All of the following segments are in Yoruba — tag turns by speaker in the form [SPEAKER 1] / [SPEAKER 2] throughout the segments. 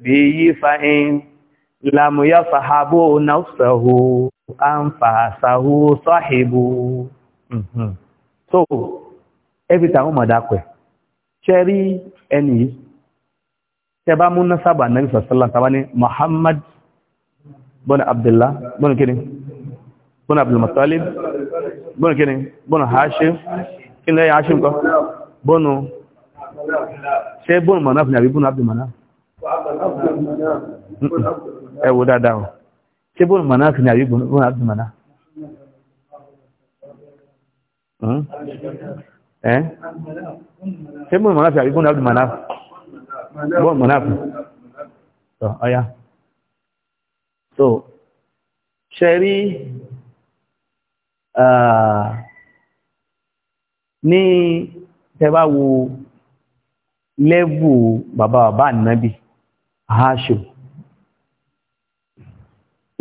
[SPEAKER 1] bihi fa in lam yashabu nafsahu anfasahu sahibu mhm. so every time mo da pe cheri ẹni tẹ́ bá mú nasaba nabi sallallahu alaihi wasallam muhammad bin abdullah bin kini bin abdul muttalib bin kini bin hashim kini hashim ko bin ṣe bin manaf ni abi bin abdul ẹ wo dáadáa o ṣé bóòlù mọ̀nà sí ni àbí bóòlù àbí mọ̀nà. Hmm? ṣé bóòlù mọ̀nà sí àbí bóòlù àbí mọ̀nà bóòlù mọ̀nà fún ọ̀ya. so ṣe rí ah, ní tẹ́ bá wo lẹ́bù bàbá bàbá ànábì hashim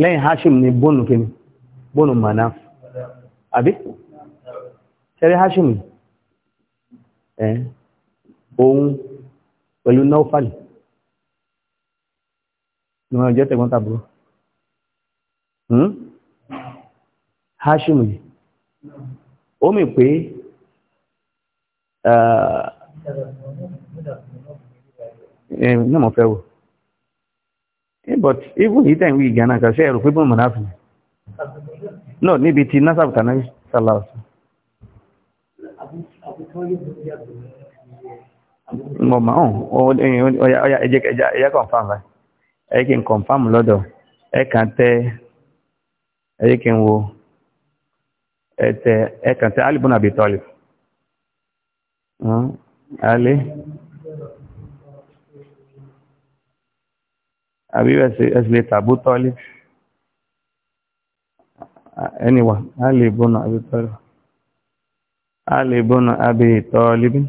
[SPEAKER 1] lẹ́yìn hashim ni bónú kí ni bónú manaf àbí ṣẹ́rí hashim ẹ̀ ohun pẹ̀lú náufali ni wọ́n jẹ́ tẹ̀gbọ́n tàbúrò hmm? hashim ni ó mì pé ẹ̀ẹ́ náà mọ̀ fẹ́ wò but even he tẹ̀ ń wí ìgànnà kan ṣe ẹ̀rù pé bọ́ọ̀mù náà fún mi no níbi ti nasabu tanabi sallallahu mo ma o oh oya eje eja eja confirm ba ẹ kí n confirm lọ́dọ̀ ẹ kàn tẹ ẹ kí n wo ẹ tẹ ẹ kàn ali àbí ẹ̀sìlẹ̀ tàbú tọ́lé ẹniwà alìbọ́nà àbí tọ́lé alìbọ́nà àbí tọ́lé bí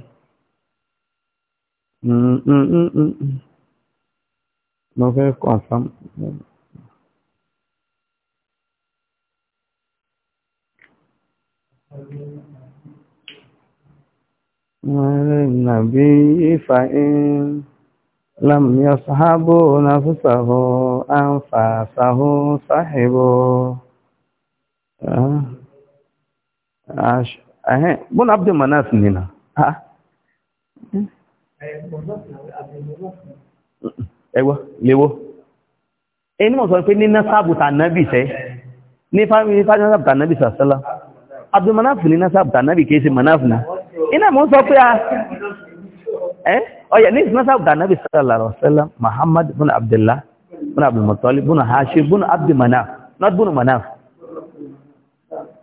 [SPEAKER 1] mo fẹ́ confirm Mọ̀rẹ́ nàbí ìfà ẹ̀yìn. لم يصحبوا نفسه أنفاسه صحبوا بن عبد مناف نينا ẹwọ́ léwó ẹni mọ̀ sọ pé ní násáàbù tànábì sẹ́ ní fáwọn násáàbù tànábì sàṣẹ́lá abdulmanaf ní násáàbù tànábì kìí sí manaf náà iná mọ̀ sọ pé a ẹ́ Oh yeah, this nasab da Nabi sallallahu alaihi wasallam, Muhammad bin Abdullah, bin Abdul Muttalib, bin Hashim, bin Abd Manaf, not bin Manaf.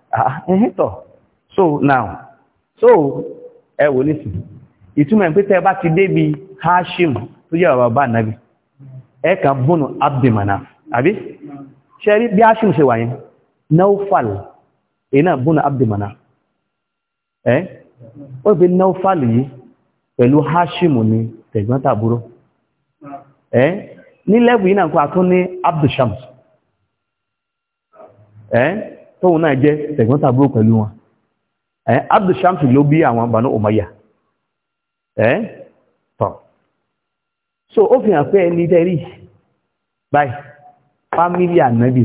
[SPEAKER 1] Ah, eh, eh to. So now. So ẹ wò nísìn. Ìtumọ̀ pé tẹ́ bá ti débi Hashim tó jẹ́ bàbá Nabi. Ẹ kàn bin Abd Manaf, àbí? Ṣé rí bí Hashim ṣe wà yẹn. Naufal ina bin Abd Manaf. Eh? Ó bi Naufal yìí pẹ̀lú hashimu ni tẹ̀gbọ́n tàbúrò ẹ́ ní lẹ́bù yìí kó àtún ní abdushams ẹ́ tóun náà jẹ́ tẹ̀gbọ́n pẹ̀lú wọn ẹ́ abdushams ló bí àwọn ẹ́ so ó fi hàn pé ẹni tẹ́rí báyìí fámílì ànábì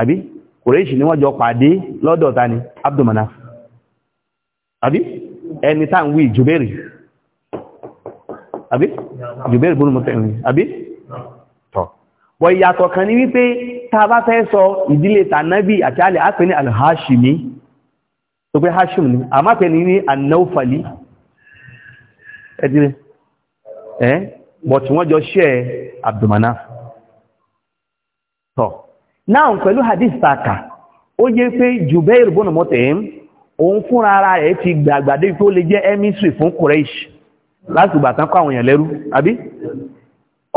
[SPEAKER 1] àbí kòrèṣì ni wọ́n jọ pàdé lọ́dọ̀ ta ẹni tá ń wí jùbẹ́rì àbí jùbẹ́rì bónú mọ́tẹ̀rin àbí tọ́ bọ̀ ìyàtọ̀ kan ní wípé ta bá fẹ́ sọ ìdílé tànábì àti alẹ́ ápẹ́ ní alhashimi tó pé hashim ni a máa pẹ́ ní ní annaufali ẹdílé ẹ́ bọ̀ wọ́n jọ ṣẹ́ abdùmaná tọ́ náà pẹ̀lú hadith saka ó yẹ pé jùbẹ́rì bónú mọ́tẹ̀rin òun fúnra ara rẹ̀ ti gbàgbàdé tó lè jẹ́ emisri fún Quraysh láti ìgbà tán kó àwọn èèyàn lẹ́rú àbí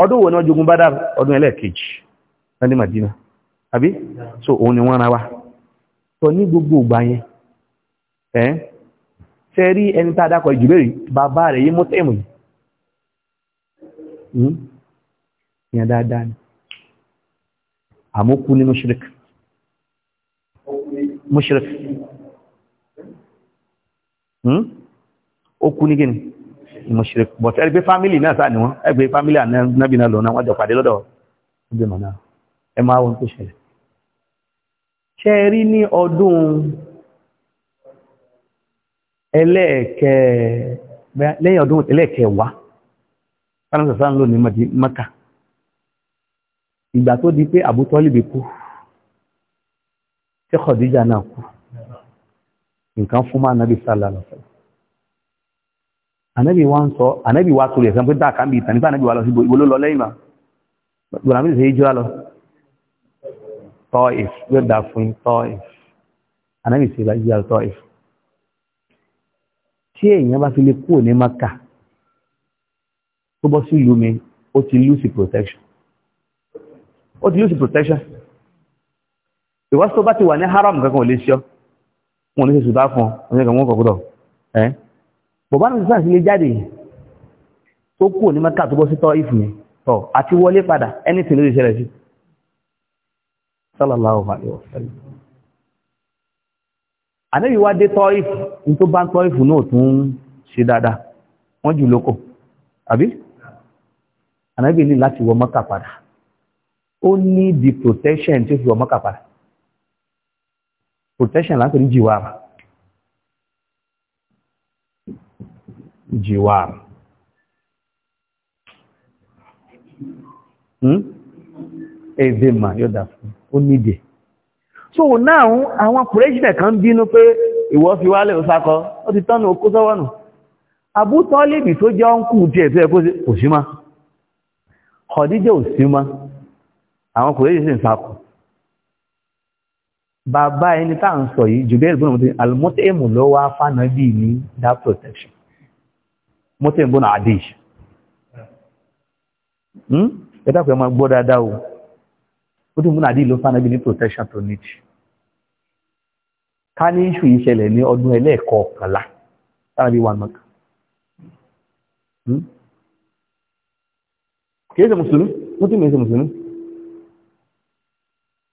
[SPEAKER 1] ọdún wo náà jogun Badar ọdún ẹlẹ́ẹ̀kejì ní Madina àbí so òun ni wọ́n ra wá ní gbogbo ìgbà yẹn ẹ́ tẹ́ rí ẹni tá a dákọ̀ bàbá rẹ̀ yí Hmm? ó kú ní gíní mushrik but ẹgbẹ́ fámílì náà sáà ni wọ́n ẹgbẹ́ fámílì ànábì náà lọ́nà wọ́n jọ pàdé lọ́dọ̀ ọdún mọ̀nà ẹ máa wọn tó ṣẹlẹ̀
[SPEAKER 2] ṣe rí ní ọdún
[SPEAKER 1] ẹlẹ́ẹ̀kẹ́ lẹ́yìn ọdún ẹlẹ́ẹ̀kẹwàá fáránsà sáà ń lò ní Mẹ́kà ìgbà tó di pé àbútọ́lì bí kú tí Khadija náà kú nǹkan fún máa nàbí sálà lọ́sẹ̀ ànábì wa ń sọ ànábì wa tó lè sọ pé dáa kan bí ìtàn nípa ànábì wa lọ sí ibo ló lọ lẹ́yìn mà gbọ́dọ̀ àmì ìṣèyí jura lọ Taif yóò dà fún Taif ànábì sì bá jura Taif tí èèyàn bá fi lè kúrò ní Maka tó bọ́ sí ìlú mi ó ti lose protection ó ti lose protection ìwọ́sọ bá ti wà ní haram kankan ò lè ṣe wọn ní ṣèṣù bá fún ọ̀sẹ̀ kan wọ́n kọ̀kútọ̀ ẹ́ bọ̀bá náà sísà sí lè jáde tó kù ní mẹ́ta tó bọ́ sí tọ́ ìfún yẹn tọ́ àti wọlé padà anything ló lè ṣẹlẹ̀ sí sallallahu alaihi wasallam ànábì wá dé tọ́ ìfún ní tó bá ń tọ́ ìfún náà tún ṣe dáadáa wọ́n jù lóko àbí ànábì ní láti wọ mọ́kà padà ó ní the protection tó fi wọ mọ́kà padà protection láti rí jìwàrà jìwàrà ẹ̀dẹ̀ mà yóò dà fún ó nídẹ̀ so now àwọn pùrẹ́ṣìnà kan bínú pé ìwọ fi wálẹ̀ òsákọ́ ó ti tọ́nà okó sọ́wọ́nù àbútọ́ lèbì tó jẹ́ ọ́nkù tí ẹ̀tọ́ ẹ̀kọ́ òṣìmá ọ̀díjẹ́ òṣìmá àwọn pùrẹ́ṣìnà sákọ̀ọ́ bàbá ẹni tá ń sọ yìí jùbẹ́ ìbúnà mọ́tí almọ́tẹ́mù ló wá fánà bí ní that protection mọ́tẹ́mù bọ́nà àdéj ẹ̀dàpẹ̀ ọmọ gbọ́ dáadáa o ó tún bọ́nà àdéj ló fánà bí ní protection tó ní jù ká ní ìṣù yìí ṣẹlẹ̀ ní ọdún ẹlẹ́ẹ̀kọ̀ọ̀kànlá sára bí one month hmm? kìí ṣe mùsùlùmí mọ́tẹ́mù ṣe mùsùlùmí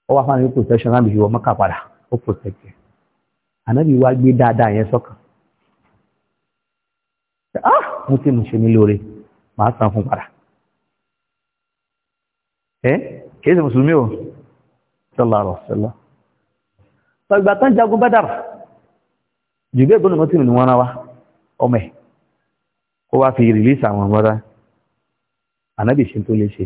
[SPEAKER 1] ó wá fáwọn protection láti fi wọ mọ́kà padà ó protect ẹ̀ ànábì wá gbé dáadáa yẹn sọ́kàn ah mo ti mú ṣe mí lóore màá san fún padà ẹ kìí ṣe mùsùlùmí o sọlá rọ sọlá ìgbà tán jagun Badar jùgbẹ́ ìgbónú mọ́tìrì ni wọ́n rán wa ọmọ ẹ̀ kó wá fi release àwọn ọmọdé ànábì ṣe tó lè ṣe.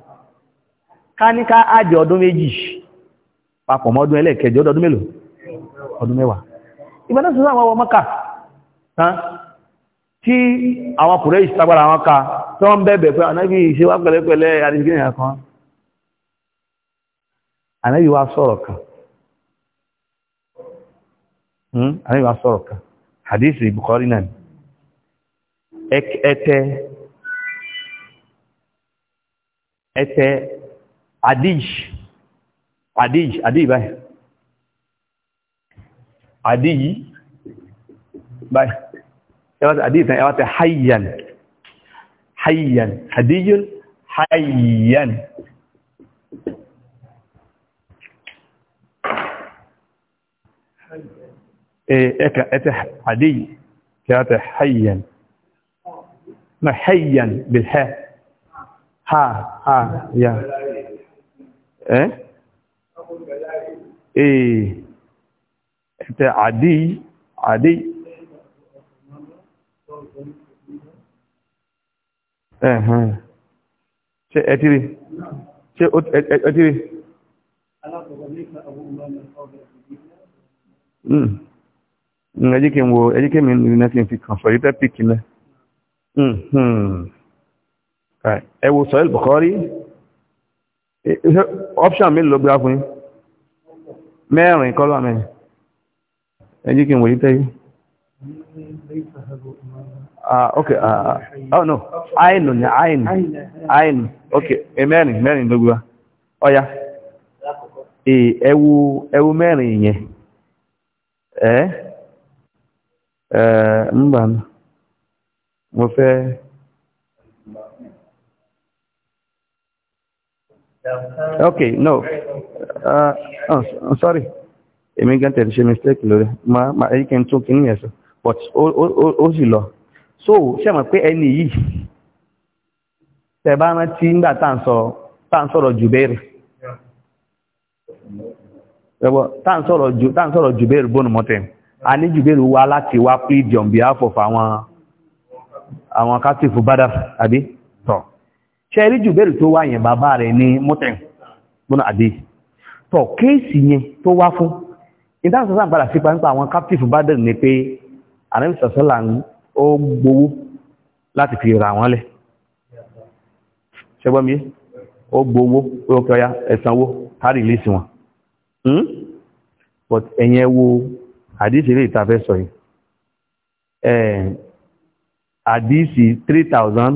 [SPEAKER 1] ká ní ká ọdún méjì papọ̀ mọ́ ọdún ẹlẹ́ẹ̀kẹjọ ọdún mélòó ọdún mẹ́wàá ìbẹ̀rẹ̀ sọ àwọn ọmọ ka, tí àwọn kùrẹ́ ìṣàgbára àwọn ká tí wọ́n bẹ̀bẹ̀ pé ànábì ṣe pẹ̀lẹ́pẹ̀lẹ́ kan adij adij adij báyìí adij báyìí ẹwà tí adij tán ẹwà tí hayyan hayyan adijun hayyan ẹ̀ẹ́kà ẹ̀tẹ̀ adij ẹwà tí hayyan ما حيا بالحاء ها ها يا
[SPEAKER 2] ẹ̀tẹ̀ àdí àdí ẹ̀hàn ṣe ẹ̀tìrì ṣe ẹ̀tìrì ẹjíkẹ́
[SPEAKER 1] wo ẹjíkẹ́ mi ní nẹ́fí fi kàn sọ̀rí tẹ́pìkì náà ẹwọ sọ̀rọ̀ Bukhari Eh, eh, option mélòó gbá fún mẹ́rin kọ́lọ́ kí n wòye ah, ok ah, ah, ah. Oh, no ok mẹrin mẹrin ọya ẹwu
[SPEAKER 2] Okay, no. Uh,
[SPEAKER 1] oh, I'm oh, sorry. Èmi gan tẹ̀lé ṣe mistake lórí. Ma ma èyí kí n tún kí ní ẹ̀sọ́. But ó ó ó sì lọ. So ṣe mọ̀ pé ẹni yìí tẹ̀ bá rántí nígbà tá à ń sọ tá à ń sọ̀rọ̀ Jùbẹ́rì. Ẹ̀wọ̀ tá à ń sọ̀rọ̀ Jù tá à ń sọ̀rọ̀ Jùbẹ́rì bónú mọ́tẹ̀. A ní plead on behalf of àwọn àwọn captive Badar àbí tọ̀ ṣẹ́rí jùbẹ́rù tó wá yẹn bàbá rẹ̀ ní mọ́tẹ̀n lọ́nà àdé tọ̀ kéèsì yẹn tó wá fún ìdáhùnsọ́sá padà sí pàǹpà àwọn captive baden ni pé àrẹ́sọ̀sọ́là ń ó gbowó láti fi ra wọn lẹ̀ ṣẹgbọ́n mi ó gbowó ó kí ọya ẹ̀sanwó kárí hmm? but ẹ̀yẹn wo àdíṣe lè ta fẹ́ sọ yìí àdíṣe three thousand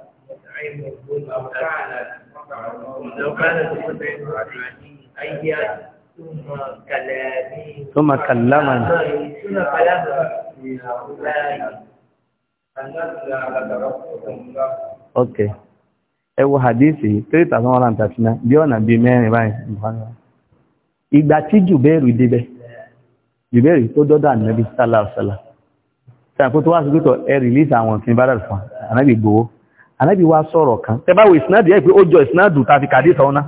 [SPEAKER 2] تطعمهم أو كانت لو كانت تطعم أيا ثم كلامي ثم كلما ثم كلما هؤلاء
[SPEAKER 1] Okay. Ẹ wo hadithi 3,139 bí ọ̀nà bíi mẹ́rin báyìí. Ìgbà tí Jùbẹ́rù débẹ̀, Jùbẹ́rù tó dọ́dọ̀ ànábì sálàsálà. Ṣàkótó wá sí pẹ́tọ̀ ẹ rìlíìsì àwọn òfin bá dàrú fún ànábì gbowó anábì wá sọ̀rọ̀ kan tẹbáwò ìsinádì ẹ̀ pé ó jọ ìsinádù tàbí kàdé sọ́nà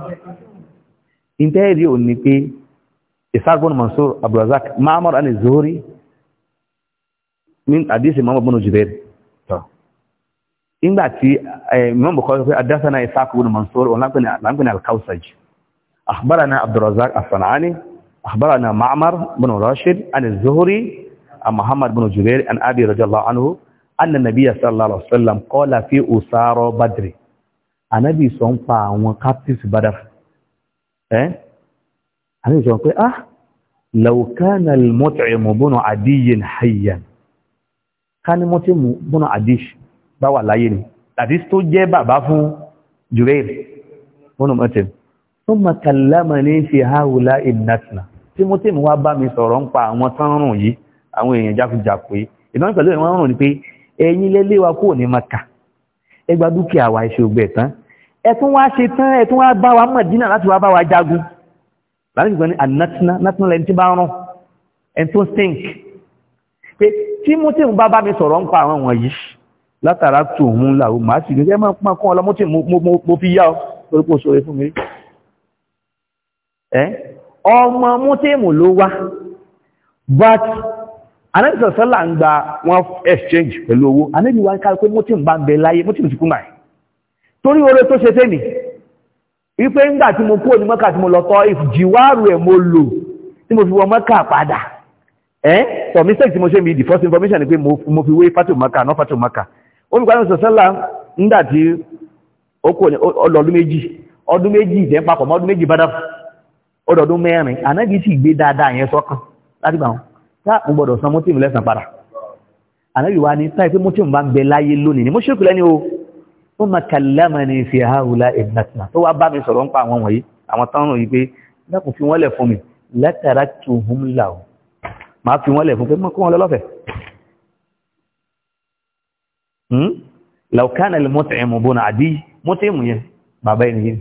[SPEAKER 1] ìntẹ́ẹ̀rí ò ní pé ìsáàgbọ́n Mansur Abdulrazak Ma'mar àni Zuhri min àdísì Muhammad bin Jubair tọ́ ìgbà tí Imam Bukhari pé adásánà ìsáàgbọ́n Mansur ọ̀lànpẹ̀ni Al-Kausaj akhbarana Abdulrazak as-San'ani akhbarana Ma'mar bin Rashid àni Zuhri عن محمد بن الله عنه anna nabiya sallallahu alaihi wasallam qala fi usaro badri anabi sọ ń pa àwọn captives badar eh anabi sọ pé ah law kana al mut'im bunu adiy hayyan kan mut'im bunu adish bá wà láyé ni that is tó jẹ́ bàbá fún jubair bunu mut'im thumma kallamani fi haula ibnatna tí mut'im wá bá mi sọ̀rọ̀ ń pa àwọn tan run yìí àwọn èèyàn jakujaku yìí ìdánwò pẹ̀lú ìwọ̀n ni pé ẹ̀yin lẹ lé wa kúrò ní maka ẹ gba dúkìá wa ẹṣẹ ògbẹ tán ẹ wá ṣe tán ẹ wá bá wa Mọ̀dínà láti wá bá wa jagun láti gbọ́n ní ànátínà nátínà lẹni tí bá rán ẹni tó stink pé tí mo tí mo bá bá mi sọ̀rọ̀ ń pa àwọn wọ̀nyí látara tó òun làwọn màá sì gbé ẹ máa kọ́ ọ mo tí mo fi yá ọ torí pé o ṣòro fún mi ọmọ mútèmù ló wá but anẹ́bìsọ̀ sọ́là ń gba wọn exchange pẹ̀lú owó anẹ́bì wá ń kárí pé mọ́tí bá ń bẹ láyé mọ́tí ti kú máa torí oore tó ṣe tẹ́mì wípé ńgbà tí mo kúrò ní mọ́kà tí mo lọ tọ́ ẹ̀ mo lò tí mo fi wọ mọ́kà padà ẹ́ sọ mistake tí mo ṣe mi the first information ni pé mo fi wé fátò mọ́kà náà fátò mọ́kà olùkọ́ anẹ́bìsọ̀ sọ́là ńgbà tí ó kò ní ọlọ́dún méjì ọdún méjì ìjẹ́ papọ̀ mọ́ ọdún méjì bá dà ọdún tá mo gbọ́dọ̀ san mọ́tìmù lẹ́sàn padà ànábì wa ní táì pé mọ́tìmù bá ń bẹ láyé lónìí ni mo ṣèkù lẹ́ni o ó ma kàlámà ní fi àhàhùlá ìbìnàtìnà tó wá bá mi sọ̀rọ̀ ń pa àwọn wọ̀nyí àwọn tán rò yí pé dákùn fi wọ́n lẹ̀ fún mi látara tó hùm là ó máa fi wọ́n lẹ̀ fún pé mọ́ kó wọn lọ́lọ́fẹ̀ hmm? làwùkánà lè bọ́nà àdí mọ́tìmù yẹn bàbá ẹni yẹn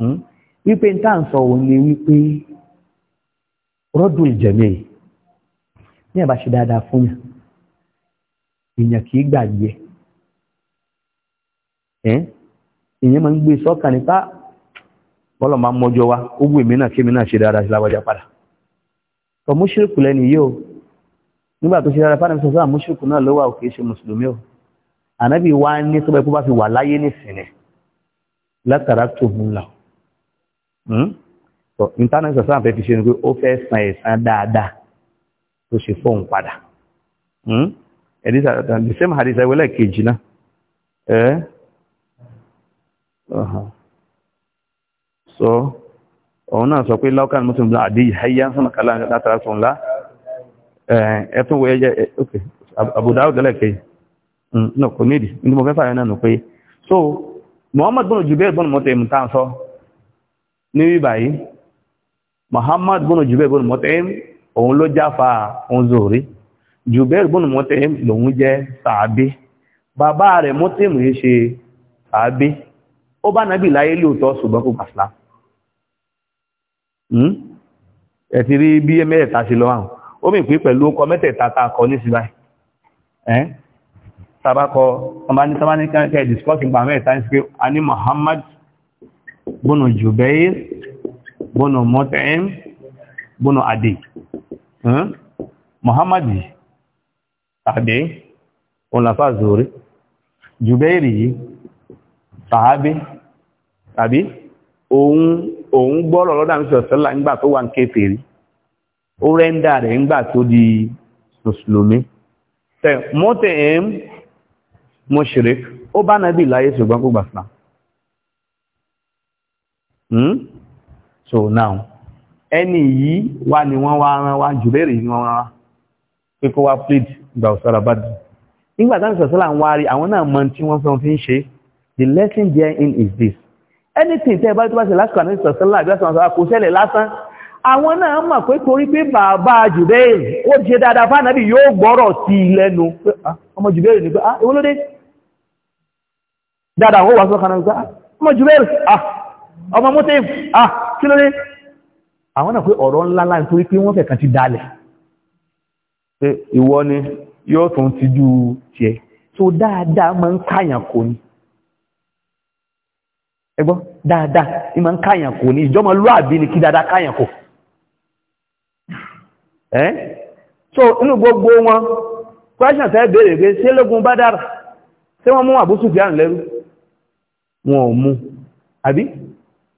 [SPEAKER 1] hmm? wípé ń ń sọ òun ni wípé rọ́dùn ìjẹ̀mẹ́ yìí ní ẹ̀bá ṣe dáadáa fún yàn èèyàn kì í gbàgbé ẹ̀ èèyàn máa ń gbé sọ́kàn nípa bọ́lọ̀ máa mọ́jọ wa ó wù èmi náà kí èmi náà ṣe dáadáa sí lágbájá padà tọ́ mọ́ṣírìkù lẹ́nu yìí o nígbà tó ṣe dáadáa fáwọn ẹ̀mí sọ́sọ́ àmúṣírìkù ah, náà ló wà òkè ṣe mùsùlùmí o ànábì wa ní tó bẹ́ẹ̀ kó bá fi wà láyé nísìnyí látara tó hùn là tọ intanet sọsọ àfẹ fi ṣe ni pé ó fẹ́ san ẹ̀san dáadáa tó ṣe fóun padà hmm? ẹdísà uh, the same hadith ẹ wọlé náà ẹ so òun náà sọ pé láwùkàn mọ́tò ńlá àdé ìhàyà sọ́nà kálá látara sọ ńlá ẹ tún wọ ẹyẹ ok àbùdá ọ̀gẹ́lẹ̀ kejì hmm, náà kò nídìí ní mo fẹ́ fààyàn náà nù pé so Muhammad bọ́nà jù bẹ́ẹ̀ bọ́nà mọ́tò ẹ̀mú tá à sọ ní bíbáyìí Muhammad bọ́nà Jubair bọ́nà Mut'im òun ló jáfa òun Zuhri Jubair bọ́nà Mut'im lòun jẹ́ sàábé bàbá rẹ̀ Mut'im yìí ṣe sàábé ó bá nàbì láyé lóòótọ́ ṣùgbọ́n kò gbàsílá hmm? ẹ̀tì rí bí mẹ́ẹ̀ta ṣe lọ àrùn ó mì pín pẹ̀lú ọkọ̀ mẹ́tẹ̀ẹ̀ta ta kọ ní síbáì ẹ́n tàbákọ ọmọdé tàbáníkẹ́ discuss ìgbà ní sí pé a ní Muhammad bọ́nà Jubair bọ́nà mọ́tẹ́m bọ́nà àdè mohamadi àdè ọ̀làfà zòrí jùbẹ́rì yìí sàábé tàbí òun òun gbọ́rọ̀ lọ́dà ní sọ̀sọ́lá nígbà tó wà ń kéfèrí ó rẹ́ndà rẹ̀ nígbà tó di mùsùlùmí tẹ mọ́tẹ̀ẹ́m mọ́ṣírík ó bá nàbí láyé ṣùgbọ́n kó gbàsílá so now ẹni yìí wá ni wọ́n wá rán wá jùbẹ́rì ni wọ́n rán wá pé kó wá plead gba ọ̀sára bá dùn nígbà táwọn ìṣọ̀sọ́là ń wárí àwọn náà mọ tí wọ́n fẹ́ fi ń ṣe the lesson therein is this anything tẹ́ ẹ bá tó bá ṣe lásìkò àwọn ìṣọ̀sọ́là àbí àṣọ àṣọ kò ṣẹlẹ̀ lásán àwọn náà mọ̀ pé torí pé bàbá jùbẹ́rì ó ṣe dáadáa fáànàbí yóò gbọ́rọ̀ sí i lẹ́nu ah, ọmọ jùbẹ́rì ni pé ah èwo ló dé dáadáa ó wà sọ́kànnà pé ah ọmọ jùbẹ́rì ah ọmọ mọ́tẹ́fù ah kí ló dé àwọn náà pé ọ̀rọ̀ ńlá láì torí pé wọ́n fẹ̀kan ti dalẹ̀ pé ìwọ ni yóò tún ti ju tiẹ̀ tó dáadáa máa ń káyàn kò ní ẹgbọ́ dáadáa ní máa ń káyàn kò ní ìjọmọ lúàbí ni kí dáadáa káyàn kò ẹ́ so inú gbogbo wọn question tẹ́ béèrè pé ṣé lógun Badar ṣé wọ́n mú Abu Sufyan lẹ́rú wọn ò mú àbí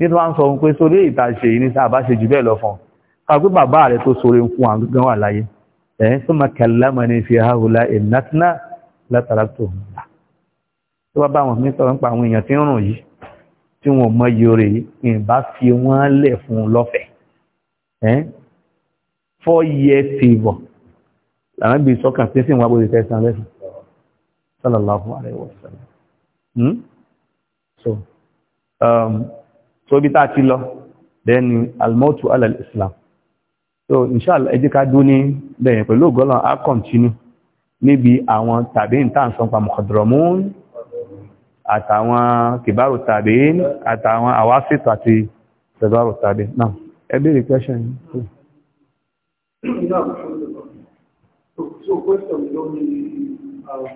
[SPEAKER 1] nítorí wọ́n sọ pé sórí ìtàṣe yìí ní sáàbá ṣe jù bẹ́ẹ̀ lọ fún ọ pé bàbá rẹ̀ tó sóre ń fún wa gan wà láyé ẹ̀yìn tó máa kẹlẹ́mọ̀ ní fi hàhùlá ìnátíná látara tó ń gbà tó bá bá wọn ní sọ̀rọ̀ nípa àwọn èèyàn tí ń rùn yìí tí wọn mọ iye rẹ̀ yìí ìbá fi wọ́n lẹ̀ fún un lọ́fẹ̀ẹ́ ẹ̀yìn four years favour làwọn ibi sọ́kàn pé sí ìwọ̀n abúlé tẹ̀sán lẹ́sìn sallallahu alaihi wasallam hmm? so um, so bí tá ti lọ then almotu alal islam so inshallah ẹjẹ́ ká dún ní bẹ̀yẹn pẹ̀lú ògọ́lọ̀ a continue níbi àwọn tàbí ìtànsán pa mọ̀kàndrọ̀mún àtàwọn kìbárò tàbí àtàwọn àwásìtò àti kìbárò tàbí náà ẹ béèrè question
[SPEAKER 2] yìí So question lórí àwọn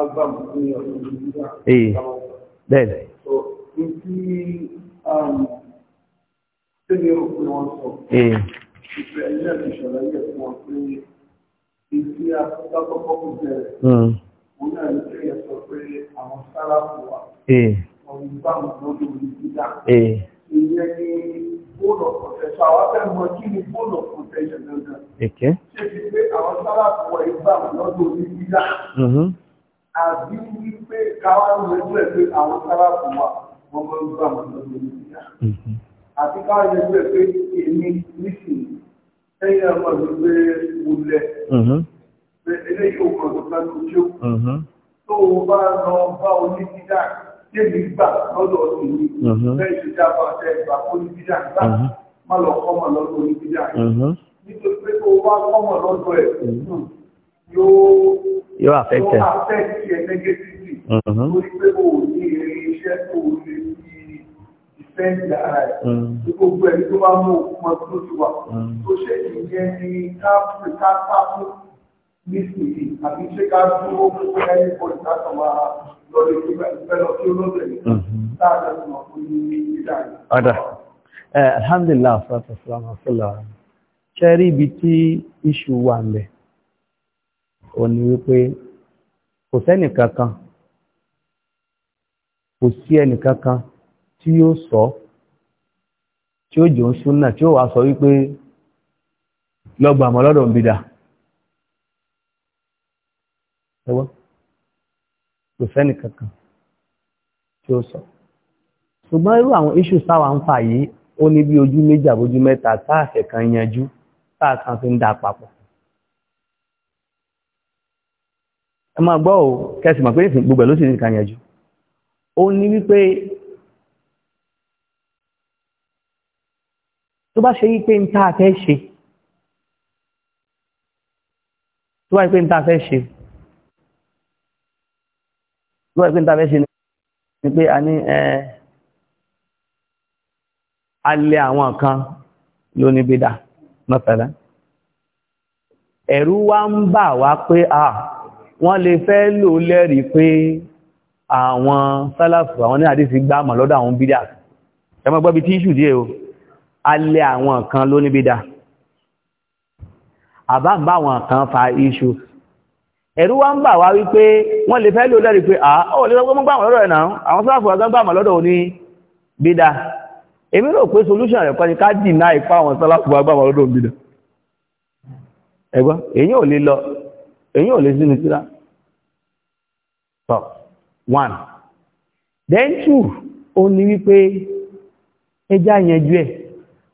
[SPEAKER 2] àgbàmù ní ọ̀sán ìgbà bẹ́ẹ̀ um, eh. hmm. eh. eh. Ìyẹn ni bóòlù ọ̀pọ̀tẹ̀ṣọ́, àwọn akẹ́mọ̀ kí ni bóòlù ọ̀pọ̀tẹ̀ṣọ́ lọ́gbọ̀n. Ṣé ti pé àwọn sára àpọ̀ ìgbà lọ́dún orí dídá. Mm-hmm àbí wípé káwá ń lọ sílẹ̀ pé àwọn sábà fún wa wọ́n máa ń gbà wọ́n lọ́dún ìyá. àti káwá ń lọ sílẹ̀ pé èmi nísìnyí ẹ̀yìn ọmọ mi pé mo lẹ̀ mhm. pé eléyìí ò kàn tó ká ló jó. tó o bá lọ bá onídídá débi gbà lọ́dọ̀ tèmi mhm. bẹ́ẹ̀ ti dábà tẹ gbà onídídá gbà mhm. má lọ kọ́mọ lọ́dọ̀ onídídá. nítorí pé o bá kọ́mọ lọ́dọ̀ ẹ̀ yóò affected. yóò affected yẹ negatively. lórí mm-hmm. pé o ò ní eré iṣẹ́ o lè fi ìfẹ́ ìgbà rẹ̀. tí gbogbo ẹni tó bá mú òkú mọ́ tó ti wà. Mm. tó ṣe ìyẹn ní káàpù káàpù nísìnyí àbí ṣé ká dúró fún ẹni pọ̀lì látọ̀ wá lọ́dọ̀ tó mm-hmm.
[SPEAKER 1] eh, alhamdulillah sallallahu alaihi wa sallam ṣe rí ibi tí iṣu wà ń bẹ̀ ó ní wípé kò sẹ́nìkankan kò sí ẹnìkankan tí yóò sọ tí ó jòun súnà tí ó wàá sọ wípé lọ́gbà àmọ́ lọ́dọ̀ ń bìdà ẹwọ́ kò sẹ́nìkankan tí ó sọ ṣùgbọ́n irú àwọn iṣu sáwà ń fà yìí ó ní bí ojú méjì àbójú mẹ́ta táàfẹ̀ kan yanjú táà kan fi ń dà papọ̀ ẹ máa gbọ́ ò kẹsì mọ̀ pé ìsìn gbogbo ẹ̀ ló sì ní nǹkan yẹn jù ó ní wípé tó bá ṣe wípé ń tá ṣe tó bá wípé ń tá ṣe tó bá wípé ń tá ṣe ni pé a ní ẹ alẹ́ àwọn kan ló ní bídà mọ́tàlá ẹ̀rú wa ń bà wá pé a. Ah, wọ́n lè fẹ́ lò lẹ́rìí pé àwọn sálàfù àwọn ní àdísí gbámọ̀ lọ́dọ̀ àwọn bídà ẹmọ́ gbọ́bí tí ìṣù díẹ̀ o alẹ́ àwọn kan ló ní bídà àbá ń bá àwọn kan fa iṣu ẹ̀rú wá ń bà wá wípé wọ́n lè fẹ́ lò lẹ́rìí pé àwọn sálàfù àgbàmọ̀ lọ́dọ̀ ẹ̀ èyí ò lè sínú tíra top one then two ó ní wípé ẹjá yẹnjú ẹ̀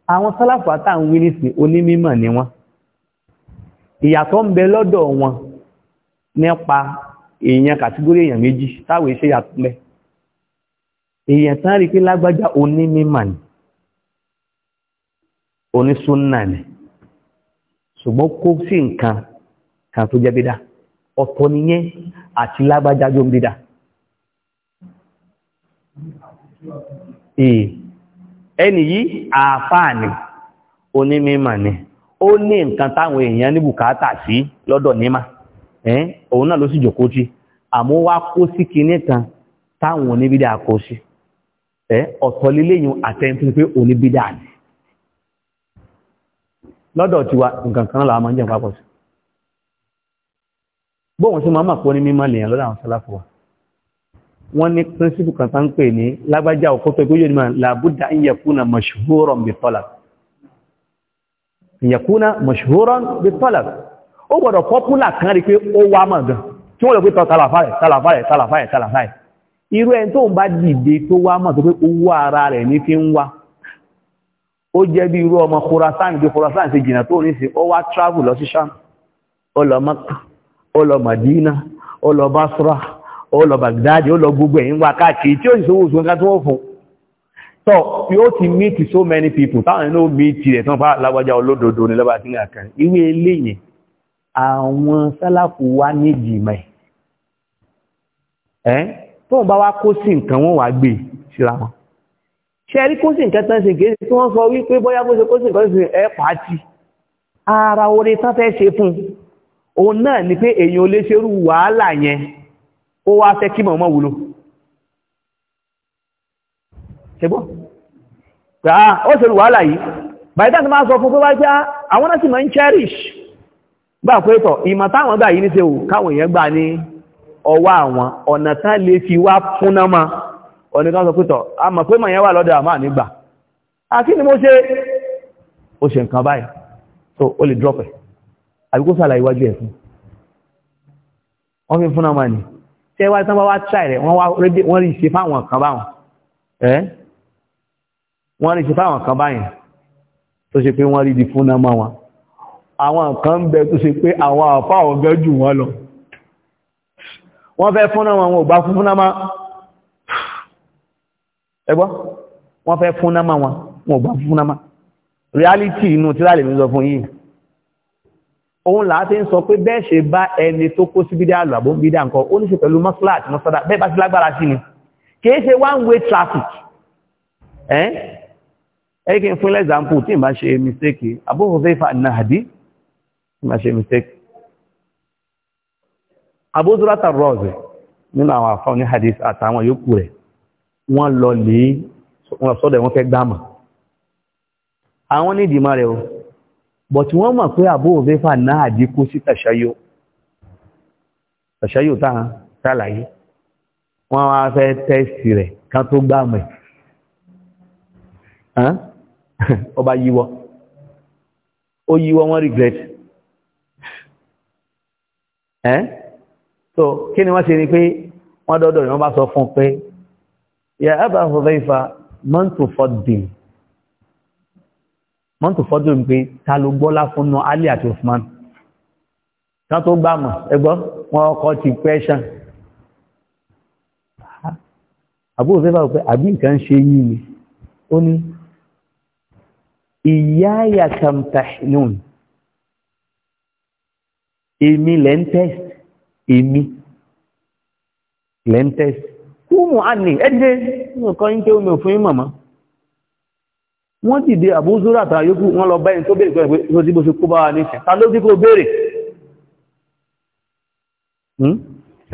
[SPEAKER 1] àwọn sálàfà tá ń wí nísìn onímímọ̀ ni wọ́n ìyàtọ̀ ń bẹ lọ́dọ̀ wọn nípa èèyàn kàtígórí èèyàn méjì táwọn iṣẹ́ yàtọ̀ mẹ́ èèyàn tán rí pé lágbájá onímímọ̀ ni onísúnnà ni ṣùgbọ́n kó sí nǹkan ka tu jadi dah otoninye acila baja jum di dah i eni yi afani oni mima ni nkan ta awon eyan ni bukata si lọdọ nima. ma eh na lo si joko ti amo wa ko si kini kan ta awon ni bida ko si eh oto leleyun aten tun pe oni bida ni lodo ti wa nkan ma nje papo si bóun sí máa mọ̀ pé ó ní mímọ́ lèèyàn lọ́dọ̀ àwọn sálàfù wa wọ́n ní píríncípù kan tán pè ní lágbájá òkótó ìgbójú ní làbúdà ìyẹ̀kúnà mọ̀ṣúhóràn bí tọ́làb ìyẹ̀kúnà mọ̀ṣúhóràn bí tọ́làb ó gbọ́dọ̀ pọ́pùlà kan rí pé ó wá mọ̀ gan tí wọ́n lọ pé tọ́ tàlàfàrẹ̀ tàlàfàrẹ̀ tàlàfàrẹ̀ tàlàfàrẹ̀ irú ẹni tó ń bá dìde tó ó Madina ó Basra ó lọ Baghdad ó lọ gbogbo ẹ̀yìn wá káàkiri tí ó sì sówó ṣùgbọ́n tó wọ́n fún tọ́ yóò ti meet so many people táwọn inú meet rẹ̀ tán bá lágbàjá olódodo ní lọ́bàá sínú àkàn ìwé eléyìn àwọn sálàfù wá ní ìjìmẹ̀ ẹ́ tóun bá wá kó sí nǹkan wọ́n wá gbé síra wọn ṣe rí kó sí nǹkan tán ṣe kéde tí wọ́n sọ wípé bóyá bó ṣe kó sí nǹkan ṣe ẹ́ pàá ara orin tán fẹ́ ṣe fún un òun náà ni pé èyàn olé ṣerú wàhálà yẹn ó wá fẹ́ kí mọ̀mọ́ wúlò ṣẹgbọ́ gbàá ah, ó wàhálà yìí máa sọ fún pípá pé ah, àwọn náà sì máa ń cherish gbà pé tọ̀ ìmọ̀ táwọn gbà yìí ní ṣe káwọn èèyàn gbà ní ọwọ́ àwọn ọ̀nà lè fi wá fúnná ma sọ a ma wà ah, ni mo àbí kó sàlàyé wájú ẹ̀ fún wọ́n fi fún náà ní tẹ́ wá tán bá wá tíráì rẹ̀ wọ́n wá wọ́n rí ṣe fáwọn kan báwọn ẹ́ wọ́n rí ṣe fáwọn kan báyẹn tó ṣe pé wọ́n rí di fún náà máa wọn àwọn kan ń bẹ tó ṣe pé àwọn àfá àwọn gẹ́ jù wọ́n lọ wọ́n fẹ́ fún náà wọn ò bá fún náà máa ẹgbọ́ wọ́n fẹ́ fún náà máa wọn ò bá fún náà máa reality inú tíráì mi sọ fún yìí òun làá ti ń sọ pé bẹ́ẹ̀ ṣe bá ẹni tó kó sí bídá àlọ́ àbóhùn bídá nǹkan ó ní ṣe pẹ̀lú mọ́sálà àti mọ́sálà bẹ́ẹ̀ bá sí lágbára sí ni kìí ṣe one way traffic ẹ́ ẹ́ kí n fún example tí n bá ṣe mistake Abu Huzaifa Nahdi tí n bá ṣe mistake Abu Zurata Razi nínú àwọn àfáwọn ní hadith àtàwọn yòókù rẹ̀ wọ́n lọ lè wọ́n sọ́dọ̀ wọ́n fẹ́ gbámà àwọn ní ìdìmọ̀ rẹ̀ o but wọ́n mọ̀ pé àbó òfẹ́fà náà àdíkú sí tàṣáyò tàṣáyò tá tàlàyé wọ́n wá fẹ́ tẹ́sì rẹ̀ kan tó gbàmẹ̀ ọba yíwọ́ ó yíwọ́ wọ́n regret ẹ́ so kí ni wọ́n ṣe ni pé wọ́n dọ́dọ̀ ni wọ́n bá sọ fún pé yà ábà òfẹ́fà mọ́ntò fọ́dìn wọ́n tó fọ́dún pé ta ló gbọ́lá fún nu Ali àti Usman ká tó gbà mọ̀ ẹgbọ́ wọn ọkọ̀ ti pẹ́ṣán àbúrò fẹ́ báwo pé àbí nǹkan ṣe yí ni ó ní ìyá yàtàmtàhínún èmi lẹ́ńtẹ́s èmi lẹ́ńtẹ́s kúmù àní ẹ̀dẹ́ nǹkan yín kéwọn mi ò fún yín mọ̀mọ́ wọ́n dìde àbúzúrà àtàrà yóò wọ́n lọ báyìí tó bèèrè pẹ̀lú ìṣòdí bó ṣe kó bá ní ṣe ta ló ní kó bèèrè hmm?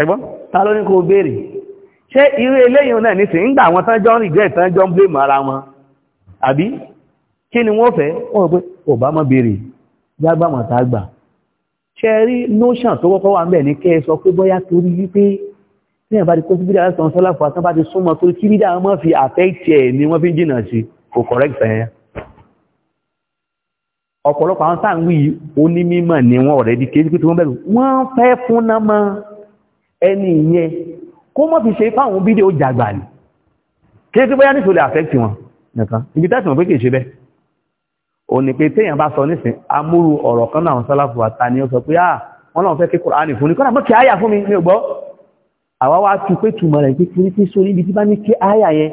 [SPEAKER 1] ẹgbọ́n ta ló ní kó bèèrè ṣé irú eléyìn náà nísìn ń gbà àwọn tánjọ́ ń rìgbẹ́ ìtánjọ́ ń blame ara wọn àbí kí ni wọ́n fẹ́ wọ́n pé obama bèèrè jágbàmọ̀ tá gbà ṣe rí notion tó kọ́kọ́ wà mẹ́ ní kẹ́ ẹ sọ pé bóyá torí wípé ní ẹ̀bá ti kó sí bídà láti sọ sọ́lá fún àtàbá ti súnmọ́ torí kí bídà wọn fi àfẹ́ kò correct ẹ̀ ọ̀pọ̀lọpọ̀ àwọn sáà ń wí onímọ̀ ni wọ́n ọ̀rẹ́ di kéjì pé tí wọ́n bẹ̀rù wọ́n fẹ́ fún námọ́ ẹni ìyẹn kó mọ́ fi ṣe fáwọn fídíò jàgbà ní kéjì bóyá ní ìṣòlẹ̀ àfẹ́kì wọn nìkan ibi tẹ́sùn pé kìí ṣe bẹ́ẹ̀ ò ní pé téèyàn bá sọ nísìn amúrú ọ̀rọ̀ kan náà sálàfù àta ni ó sọ pé ah wọ́n náà fẹ́ kí kùránì fún ni kọ́nà mọ́ kí áyà fún mi mi ò gbọ́ àwa wá tu pé tùmọ̀ rẹ̀ pé kí sórí ibi tí bá ní kí áyà yẹn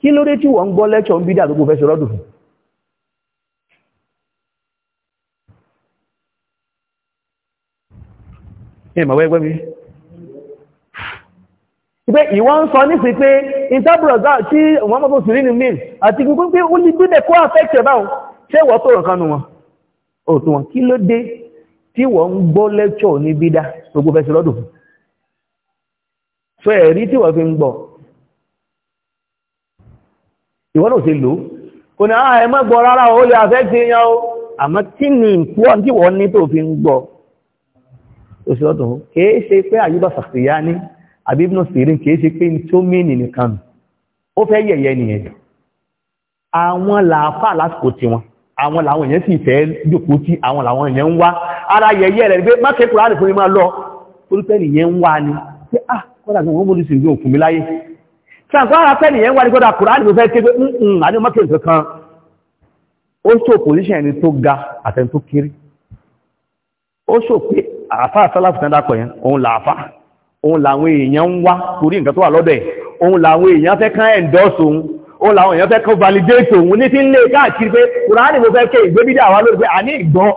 [SPEAKER 1] kí ló dé tí wọ́n ń gbọ́ lẹ́kṣọ̀ ń bídà tó kò fẹ́ ṣe rọ́dù fún ẹ̀mọ̀ wẹ́gbẹ́ mi pé ìwọ́n ń sọ nífi pé interbrother tí wọ́n mọ́ sí nínú mail àti gbogbo pé ó lè gbídẹ̀ kó affected báwọn ṣé wọ́n tó rọ̀kánu wọn òtù wọn kí ló dé tí wọ́n ń gbọ́ lẹ́kṣọ̀ ní bídà tó kò fẹ́ fún ẹ̀rí tí wọ́n fi ń gbọ́ ìwọ́n ò sí lò kò ní àwọn ah, ẹ̀mọ́ gbọ́ rárá ó lè àfẹ́ ti yan o àmọ́ kí ni ìpúọ̀ tí wọ́n ní tó fi ń gbọ́ ó sì lọ́tọ̀ kìí ṣe pé àyíbá sàkìyá ní àbí Ibn Sirin kìí ṣe pé tó mìnì nìkan ó fẹ́ yẹ̀yẹ́ nìyẹn àwọn làáfà lásìkò tiwọn àwọn làwọn èèyàn sì fẹ́ jòkó tí àwọn làwọn èèyàn ń wá ara yẹ̀yẹ́ rẹ̀ pé má kékeré ni pé ah kọ́dà kí wọ́n mú ṣàǹkọ́ra fẹ́nìyàn wà ní kọ́dá kùránì tó fẹ́ kéde ǹkan àní ọmọ kéde kan ó ṣò pòsíṣàn ẹni tó ga àtẹni tó kéré ó ṣò pé àfá àsálàfù tán dápọ̀ yẹn òun làáfá òun làwọn èèyàn ń wá torí nǹkan tó wà lọ́dọ̀ ẹ̀ òun làwọn èèyàn fẹ́ kán endorse òun òun làwọn èèyàn fẹ́ kán validate òun ní tí ń lè káàkiri pé kùránì mo fẹ́ ké ìgbé bídà wá lórí pé àní ìgbọ́n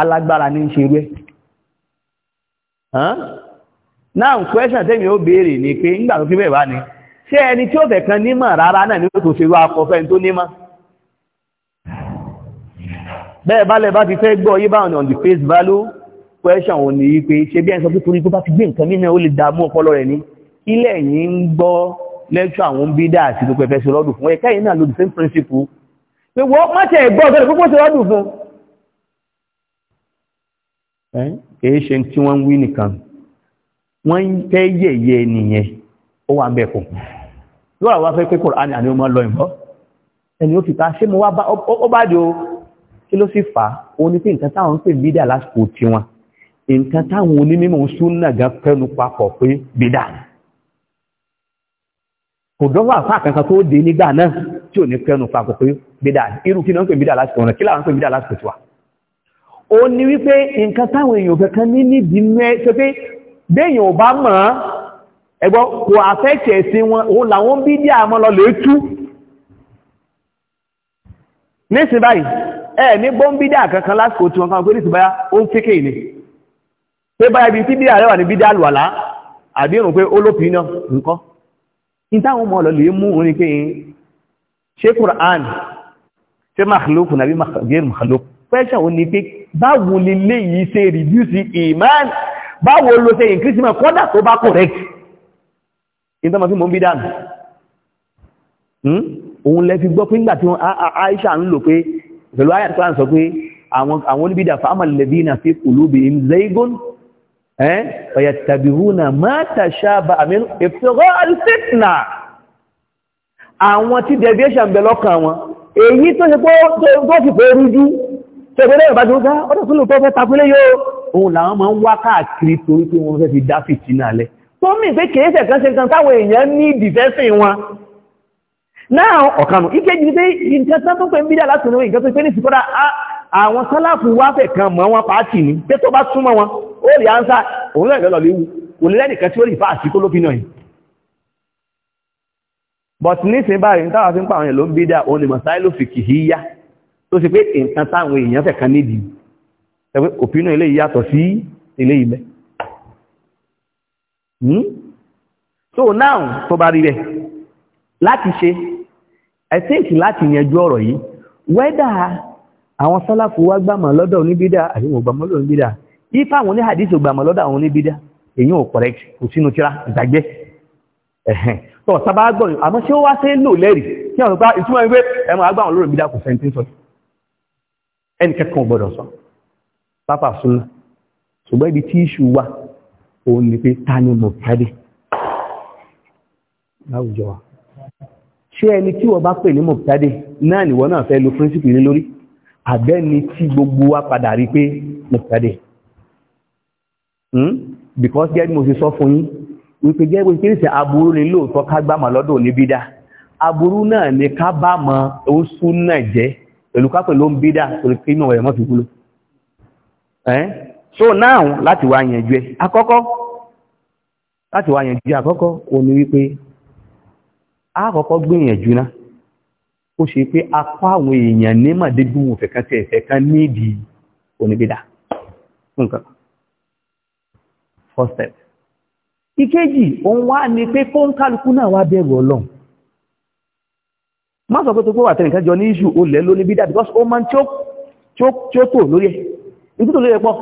[SPEAKER 1] alágbára ní ń ṣe rẹ̀ now question tẹ́mi ó béèrè ni pé ńgbà tó fi bẹ́ẹ̀ wá ni ṣé ẹni tí ó fẹ́ kan nímọ̀ rárá náà ni ó tó ṣe wá akọ fẹ́ni tó nímọ̀ bẹ́ẹ̀ bá lẹ bá ti fẹ́ gbọ́ yí on the face value question ò ní pé ṣe bí ẹni sọ pé torí tó bá ti gbé nǹkan nínú ó lè dààmú ọpọlọ rẹ̀ ní ilẹ̀ yìí ń gbọ́ lẹ́tọ́ àwọn bídà àti tó pẹ̀fẹ́ ṣe lọ́dún the same principle pé wọ́n má tẹ̀
[SPEAKER 2] gbọ́ ọ̀tọ́ ìpínpọ̀ ṣe lọ́dún fún
[SPEAKER 1] kìí ṣe tí wọ́n ń wí nìkan wọ́n ń fẹ́ yẹ̀yẹ́ nìyẹn ó wà bẹ̀ fún lọ́wọ́ àwọn afẹ́ pé Kùránì àní ọmọ lọ ìmọ̀ ẹni ó fi ta ṣé wá bá ó bá di o kí ló sì fà á ó ní pé nǹkan táwọn ń pè bídà lásìkò tiwọn nǹkan táwọn onímọ̀ súnà gan fẹ́nu papọ̀ pé bídà kò dọ́wọ́ àfa kankan tó dé nígbà náà tí ò ní fẹ́nu papọ̀ pé bídà irú kí ni wọ́n ń pè bídà lásìkò wọn kí làwọn ń pè bídà lásìkò tiwa ó ní wípé nǹkan táwọn èèyàn kankan ní nídìí mẹ́ déyìn ò bá mọ̀ ọ́ ẹgbọ́ kò àfẹ́kẹ̀ sí wọn òun làwọn bí díà mọ́ lọ lè tú nísìn báyìí ẹ ní gbọ́n bí díà kankan lásìkò tí wọn kan pé nísìn báyá ó ń fíkè ní pé báyá bí tí díà rẹwà ní bí díà lùwàlá àdírùn pé olópi náà nǹkan ìtàwọn mọ́ lọ lè mú orin pé ṣé Qur'an ṣé makhluk nàbí makhluk pẹ́ṣẹ̀ òun ni pé báwo lè léyìí ṣe reduce iman báwo ló ṣe ìkírísímọ̀ kọ́dà tó bá correct in tọ́mọ̀ sí mọ́ ń bí dánù hmm? òun lẹ́ fi gbọ́ pé nígbà tí wọ́n Aisha ń lò pé pẹ̀lú ayat kan sọ pé àwọn olùbídà fa'amal ladina fi qulubihim zaygun fayattabi'una ma tashabaha min ibtigha'a al-fitna àwọn tí deviation bẹ̀ lọ́kàn wọn èyí tó ṣe tó fi fẹ́ rújú tẹ́gbẹ́rẹ́ ìbájú gá ọdọ́ tó lò tó fẹ́ takúlé yóò ohun làwọn máa ń wá káàkiri torí pé wọ́n fẹ́ fi dá fìtínà lẹ̀ tó mì pé kèéṣẹ̀ kan ṣe kan táwọn èèyàn ní ìdìfẹ́sìn wọn náà ọ̀kanù ìkejì pé ìjọsán tó pé ń bídà láti orin ìjọsán pé ní ìsìnkọ́dá àwọn sálàfù wáfẹ̀ kan mọ́ wọn pàátì ní pé tó bá súnmọ́ wọn ó rí ánsá òun náà lọ́lọ́ léwu kò lè lẹ́nìkan tí ó rí tó sì pé nǹkan táwọn èèyàn fẹ̀ kan nídìí ẹgbẹ́ òpinú eléyìí yàtọ̀ sí eléyìí mẹ́ hmm? so now tó bá rí rẹ̀ láti ṣe i think láti yanjú ọ̀rọ̀ yìí wẹ́dà àwọn sálàfù wá gbàmọ̀ lọ́dọ̀ oníbídà àti wọn gbàmọ̀ lọ́dọ̀ oníbídà ipa àwọn oní hadith gbàmọ̀ lọ́dọ̀ àwọn oníbídà èyí ò correct kò sínú tíra ìgbàgbé ẹ̀hẹ̀n tó sábà gbọ́n àmọ́ ṣé ó wá sí lò lẹ́rìí kí àwọn ìtumọ̀ wípé ẹ̀mọ̀ àgbà àwọn olóròbídà kò fẹ́ntì sọ́yìn ẹni kẹ́kọ̀ọ́ gbọ́dọ̀ sọ pápá súnmọ́ ṣùgbọ́n ibi tí ìṣù wà òun ni pé ta ni mọ̀tádì láwùjọ wa ṣé ẹni tí wọ́n bá pè ní mọ̀tádì náà nìwọ náà fẹ́ lo príncipù ilé lórí àbẹ́ni tí gbogbo wa padà rí pé mọ̀tádì hmm? because gẹ́gẹ́ mo ṣe sọ fún yín wípé gẹ́gẹ́ bó ṣe kéré aburú ni lóòótọ́ ká gbàmọ̀ lọ́dọ̀ ní bídà aburú náà ni ká bá mọ oṣù náà jẹ́ pẹ̀lú kápẹ̀ ló ń bí dá torí pé inú ẹ̀mọ́ fi wúlò ẹ́n so now láti wá yẹnjú ẹ àkọ́kọ́ láti wá yẹnjú àkọ́kọ́ o ní wípé àkọ́kọ́ gbìyànjú náà ó ṣe pé apá àwọn èèyàn ní màdébí wọn fẹ̀kan tẹ̀ fẹ̀kan fún nǹkan first step ìkejì òun wá ní pé kó ń náà wá bẹ̀rù ọlọ́run má sọ pé tó gbówà tẹ́nìkan jọ ní ìṣù ó ló ní bídá because ó máa tí ó tò lórí ẹ̀ ìtú tó lórí ẹ̀ pọ̀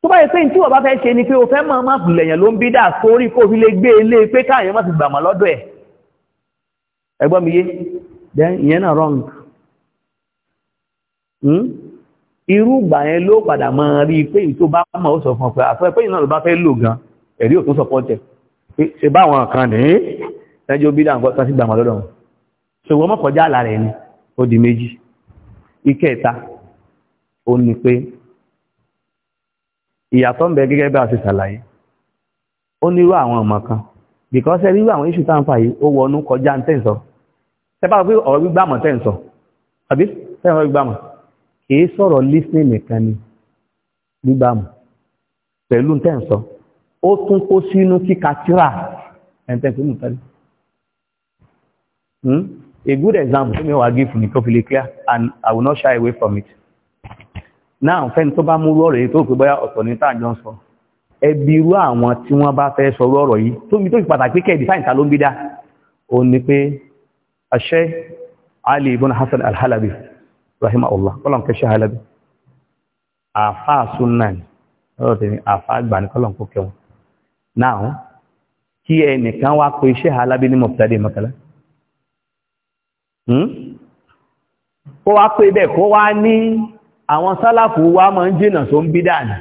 [SPEAKER 1] tó bá yẹ pé tí wọ́n bá fẹ́ ṣe ni pé o fẹ́ máa má fùlẹ̀ yẹn ló ń bídá sórí kó fi lè gbé ilé e e pé káàyàn má ti gbàmà lọ́dọ̀ ẹ̀ ẹgbọ́n mi yé then ìyẹn náà wrong hmm? irú ìgbà yẹn ló padà máa rí i pé ìtò bá mọ̀ ó sọ fún ọ pé àfẹ́ pé ìnáà ló bá fẹ́ lò gan ẹ̀rí ò tún sọ pọ́ńtẹ̀ ṣe báwọn kan nìyí ẹjọ́ bídá nǹkan sí gbàmà lọ́dọ̀ wọn so wọ́n mọ́kànjá àlà ni ó di méjì ìkẹta ó ní pé ìyàtọ̀ ń bẹ gẹ́gẹ́ bí ṣe ṣàlàyé ó nírú àwọn ọmọ kan because ẹ rírú àwọn iṣu tá ń fà yìí ó wọnú kọjá ń tẹ̀sọ̀ tẹ́pá pé ọ̀rọ̀ gbígbàmọ̀ tẹ̀sọ̀ àbí tẹ́sọ̀ gbígbàmọ̀ kìí sọ̀rọ̀ listening nìkan ni gbígbàmọ̀ pẹ̀lú tẹ̀sọ̀ ó tún kó sínú kíka tíra nìkan ni A good example tó mẹ́wàá give fún ní tó fi lè clear and I will not shy away from it. Now, fẹ́ni tó bá mú rọ́ọ̀rọ̀ yìí tó pé bóyá ọ̀tọ̀ ní tàn jọ sọ. Ẹbí irú àwọn tí wọ́n bá fẹ́ sọ rọ́ọ̀rọ̀ yìí tó mi tó fi pàtàkì pé kẹ́ẹ̀dì sáyẹ̀ntà ló ń bídá. Ó ní pé Aṣẹ́ Ali ibn Hassan al-Halabi, rahimahullah, kọ́lọ̀n kẹ́ṣẹ́ Halabi. Àfáà Sunan, lọ́dọ̀ tèmi, àfáà àgbà ní kọ́lọ̀n kó kẹwọn. Now, kí ẹnìkan wá pe iṣẹ́ Halabi ní Mọ̀tàdé Mọ̀kálá. Hmm? kó wá pé bẹ́ẹ̀ kó wá ní àwọn sálàfù wá máa ń jìnà tó ń bí dáàdì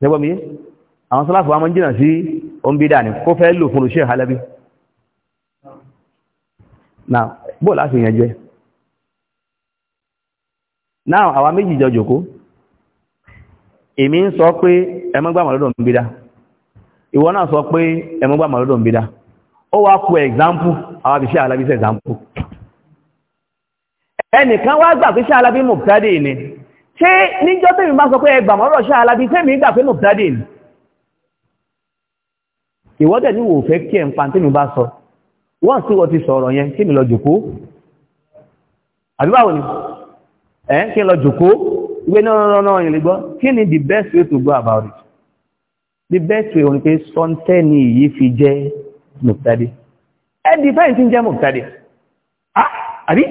[SPEAKER 1] ṣẹgbọ́mí àwọn sálàfù wá máa ń jìnà sí ó ń bí dáàdì kó fẹ́ lò fún Sheikh Halabi náà bóò láti yẹn jẹ́ náà àwa méjì jọ jòkó èmi ń sọ pé ẹmọ́gbàmọ̀ lọ́dọ̀ ń bí dá ìwọ náà sọ pé ẹmọ́gbàmọ̀ lọ́dọ̀ ń bí dá ó wá kú example àwọn àbíṣẹ́ alábí sí example ẹnìkan wá gbà pé ṣe alábí mọ̀tádì ni ṣé níjọ́ tèmi bá sọ pé ẹgbà mọ́rọ̀ ṣe alábí tèmi gbà pé mọ̀tádì ni ìwọ́dẹ̀ ní wò fẹ́ kí ẹ̀ ń pa tèmi bá sọ wọ́n sí wọ́n ti sọ̀rọ̀ yẹn kí mi lọ jòkó àbí báwo ni ẹ̀ kí n lọ jòkó ìwé náà yìí lè gbọ́ kí ni the best way to go about it the best way òun pé sọ́ńtẹ́ni fi jẹ́ mùtádé ẹ̀dì fẹ́yìn tí ń jẹ́ mùtádé ah, àbí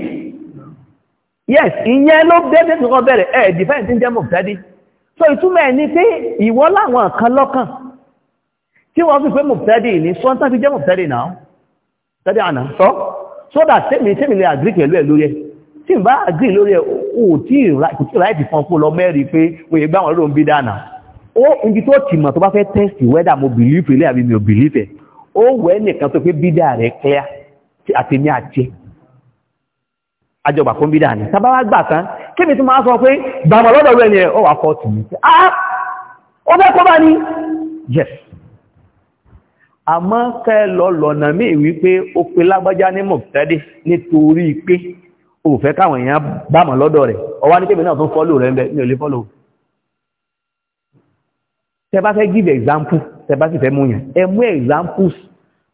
[SPEAKER 1] yes ìyẹn ló bẹ́ẹ̀ tí wọ́n bẹ̀rẹ̀ ẹ̀dì fẹ́yìn tí ń jẹ́ mùtádé so ìtumọ̀ ẹ̀ ni pé ìwọ láwọn kan lọ́kàn tí wọ́n fi pé mùtádé ní sọ́ntán fi jẹ́ mùtádé náà tàbí àná sọ so that tèmi tèmi lè agree pẹ̀lú ẹ̀ lórí ẹ̀ tí n bá agree lórí ẹ̀ o tí láìpì fún ọkọ̀ lọ mẹ́rin pé òye gbáwọn lóun bí dáná ó ibi tó tì mọ̀ tó bá fẹ́ test whether mo believe ilé àbí mi ò O wee nìkan tó pé bídà rẹ̀ clear tí ti ní àti àjọba fún bídà ní tàbá wá gbà tán kí ni tí máa sọ pé gbàmọ̀ lọ́dọ̀ rẹ̀ yẹn ó wà fọ́ ah ó fẹ́ kọ́ bá ní yes àmọ́ kẹ́ lọ lọ́nà míì wípé ó pe lágbájá ní nítorí pé ó káwọn èèyàn bámọ̀ lọ́dọ̀ rẹ̀ ọwá ní kébì náà tún fọ́lò rẹ̀ ń bẹ ní olè fọ́lò tẹ bá fẹ́ give example tẹ bá sì fẹ́ mú yàn ẹ mú examples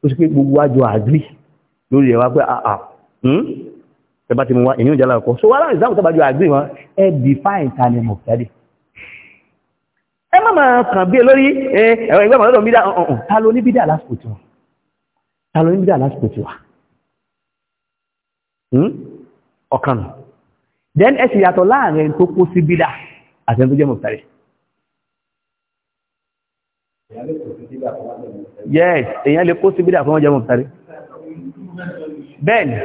[SPEAKER 1] ó sì pé gbogbo àjọ agree lórí ẹ̀ wá pé àà ah, ah, hmm? tẹ bá ti mú wá èyí ò jálá ọkọ so wàhálà example tẹ bá jọ agree wọn ẹ define ta ni mo jáde ẹ má máa kàn bí lórí ẹ̀rọ ìgbẹ́ màlúù bídà ọ̀hún ta ló ní bídà lásìkò tiwọn ta ló ní bídà lásìkò tiwa hmm? ọ̀kan then ẹ sì yàtọ̀ láàrin tó kó sí bídà àti ẹni tó jẹ́ mọ̀tàrí yes èyàn lè kó sí bídà fún ọjọ́ mọ̀ tàrí bẹ́ẹ̀ni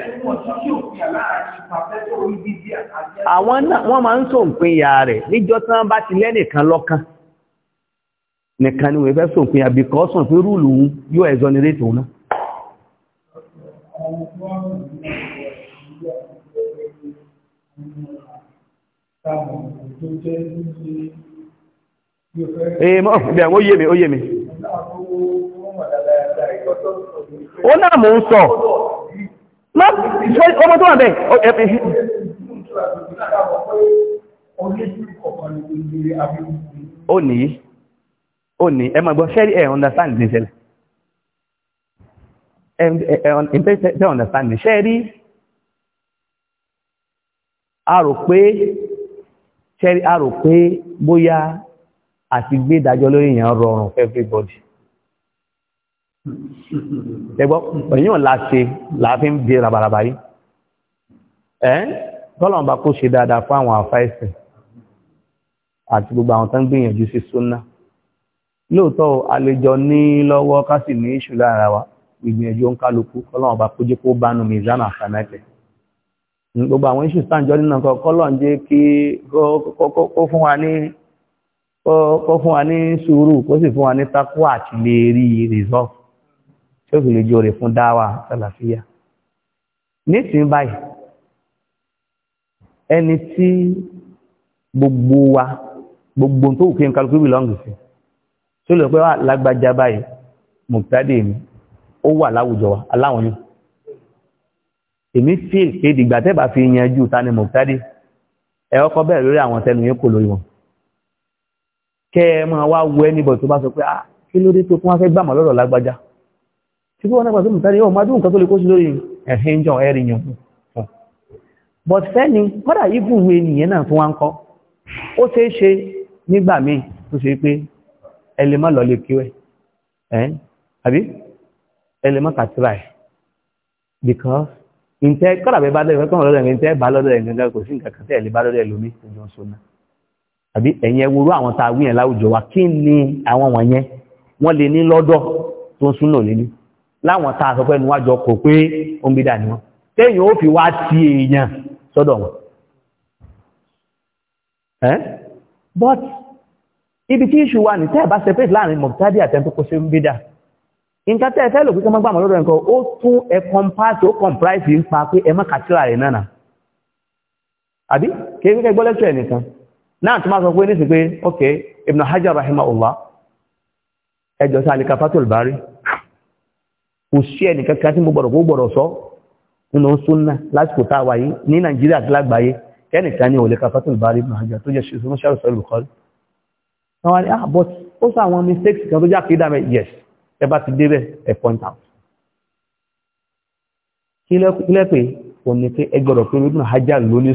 [SPEAKER 2] àwọn wọ́n máa ń
[SPEAKER 1] sọ ǹpin ya rẹ̀ níjọ́ tán bá ti lẹ́nìkan lọ́kàn nìkan ni wọ́n fẹ́ sọ ǹpin ya bí kọ́ sọ pé rúùlù yóò exonerate òun náà
[SPEAKER 2] Thank you. ee bịa o yé mi o yé mi ó náà mò ń sọ
[SPEAKER 1] ọmọ o wà bẹ́ẹ̀ ó ní ó ní ẹ máa gbọ́ ṣẹ́rí ẹ̀ understand understand ní ṣẹ́rí a a àti gbé ìdájọ́ lórí èèyàn rọrùn everybody ẹgbọ́ èyàn láṣe láàfin bí rabaraba yìí ẹ́ tọ́lọ̀n bá kó ṣe dáadáa fún àwọn àfáìsìn àti gbogbo àwọn tó ń gbìyànjú sí súnná lóòótọ́ àlejò ní lọ́wọ́ ká sì ní ìṣù lára wa ìgbìyànjú ń kálukú kọ́lọ́n bá kó jẹ́ kó bá nu mizana àfàmẹ́tẹ̀ kó fún wa ní sùúrù kó sì fún wa ní takwa àti lè rí rìsọ́f tí ó fi lè jòrè fún dáwà sàlàfíà nísìnyí báyìí ẹni tí gbogbo wa gbogbo tó wù kí n kálukú bìlọ́ǹgì sí tó lè pẹ́ wà ah, lágbájá báyìí mùtádé mi ó wà láwùjọ wa aláwọn yìí èmi fíìl pé dìgbà tẹ́ bá fi yanjú ta ni mùtádé ẹ̀ ọkọ bẹ́ẹ̀ lórí àwọn tẹnu yẹn kò lórí wọn kẹ́ ẹ máa wá wọ ẹnibọ̀ tó bá sọ pé ah kí ló dé tó kún wá fẹ́ gbàmọ̀ lọ́rọ̀ lágbájá tí wọ́n náà pàṣẹ mùtárí ọ̀ máa dún nǹkan tó lè kó sí lórí ẹ̀hìn jọ ẹ̀rìn yàn fún but fẹ́ni kọ́dà ibù wo ènìyàn náà tó wá ń kọ́ ó ṣeé ṣe nígbà míì tó ṣe pé ẹ lè má because ǹtẹ́ kọ́dà bẹ́ẹ̀ bá lọ́dọ̀ ẹ̀ ǹtẹ́ bá lọ́dọ̀ ẹ̀ gangan kò àbí ẹ̀yìn ẹwúrú àwọn tá a wí yẹn láwùjọ wa kí ni àwọn wọ̀nyẹn wọ́n lè ní lọ́dọ̀ tó ń súnà nílé láwọn tá a sọ wájọ kò pé ó ń bí téèyàn ó fi wá ti èèyàn sọ́dọ̀ wọn. but ibi tí iṣu wa ní tẹ́ ẹ̀ bá separate láàrin mọ̀tádì àtẹ́ntó kó ṣe ń bí dà nǹkan tẹ́ ẹ fẹ́ lò pé kí wọ́n lọ́dọ̀ nǹkan ó tún ẹ kọ́mpáàtì ó kọ̀mpráìsì ń pa pé ẹ má kàtíra rẹ̀ náà àbí kí ẹ gbọ́ ẹ̀ nìkan náà tó máa sọ pé nísìn pé ok Ibn Hajar rahimahullah ẹjọ́ sí alika fatul bari kò sí ẹnìkan kan tí mo gbọ́dọ̀ kó gbọ́dọ̀ sọ nínú súnà lásìkò tá a wáyé ní nàìjíríà àti lágbàáyé kẹ́nìkan ní òlẹ́ka fatul bari Ibn Hajar tó jẹ́ ṣùgbọ́n ṣàrò sọ́rọ̀ Bukhari wọ́n wá ah, mistakes kan tó yes ẹ bá point out kí lẹ́pẹ̀ òní pé ẹ gbọ́dọ̀ pé Ibn Hajar ló ní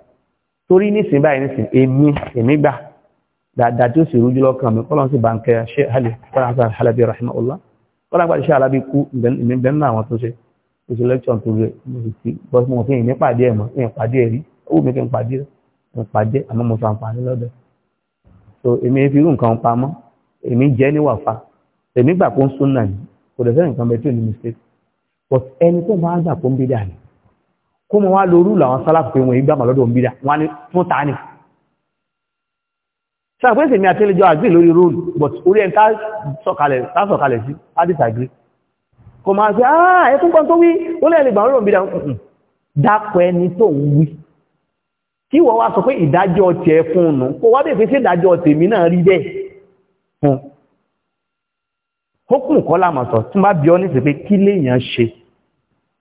[SPEAKER 1] torí nísìn báyìí nísìn èmi èmi gbà dáadáa tí ó sì rújú lọ́kàn mi kọ́lọ́n sì bá ń kẹ́ ṣe hali faransé halabi rahimahullah kọ́lọ́n gbàdé ṣe alábi kú ìmí bẹ́ẹ̀ náà àwọn tó ṣe tó ṣe lẹ́kṣọ̀n tó rẹ̀ bọ́sí mo fi ìní pàdé ẹ̀ mọ́ ìyẹn pàdé ẹ̀ rí owó mi kí n pàdé ẹ̀ pàdé àmọ́ mo sàǹfààní lọ́dọ̀ so èmi kó mọ wá lórú làwọn sálàfù pé wọn ìgbàmà lọ́dọ̀ ń bídà wọn ni fún ta ni ṣàpẹ́sẹ̀ mi àtẹ́lẹ́jọ́ àgbé lórí róòlù but orí ẹ̀ ká sọ̀kalẹ̀ sí I disagree kò máa ṣe àà ẹkún kan tó wí ó lẹ́ẹ̀lẹ́ gbà lọ́dọ̀ ń bídà dápọ̀ ẹni tó ń wí kí wọ́n wá sọ pé ìdájọ́ tiẹ̀ fún un kó wá bèèrè sí ìdájọ́ tèmi náà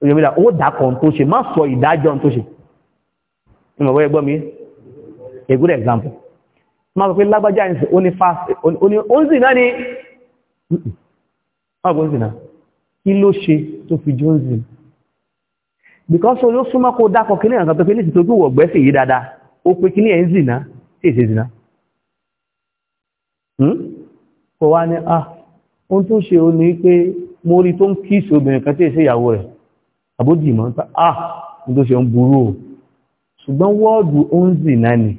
[SPEAKER 1] òyìnbílà ó dákọ̀ tó ṣe má sọ ìdájọ́ tó ṣe ìmọ̀wọ́ ẹgbọ́ mi a good example ma sọ pé lágbájá ìsìn ó ní fast ó ń zìnà ní ọgbọ̀n zìnà kí ló ṣe tó fi jó ń zìn because ó súnmọ́ kó dákọ̀ kí ní àwọn tó pé ní ìsìnkú wọ̀gbẹ́ sí yìí dáadáa ó pé kí ní ẹ̀ ń zìnà sí èsì zìnà ah ohun tó ṣe ó ní pé mo rí tó ń kíìsì obìnrin kan tí èsì ìyàwó rẹ̀ àbódìmọ̀ ń ta ah ní tó ṣe ń burú o ṣùgbọ́n wọ́ọ̀dù ó ń zìnà ni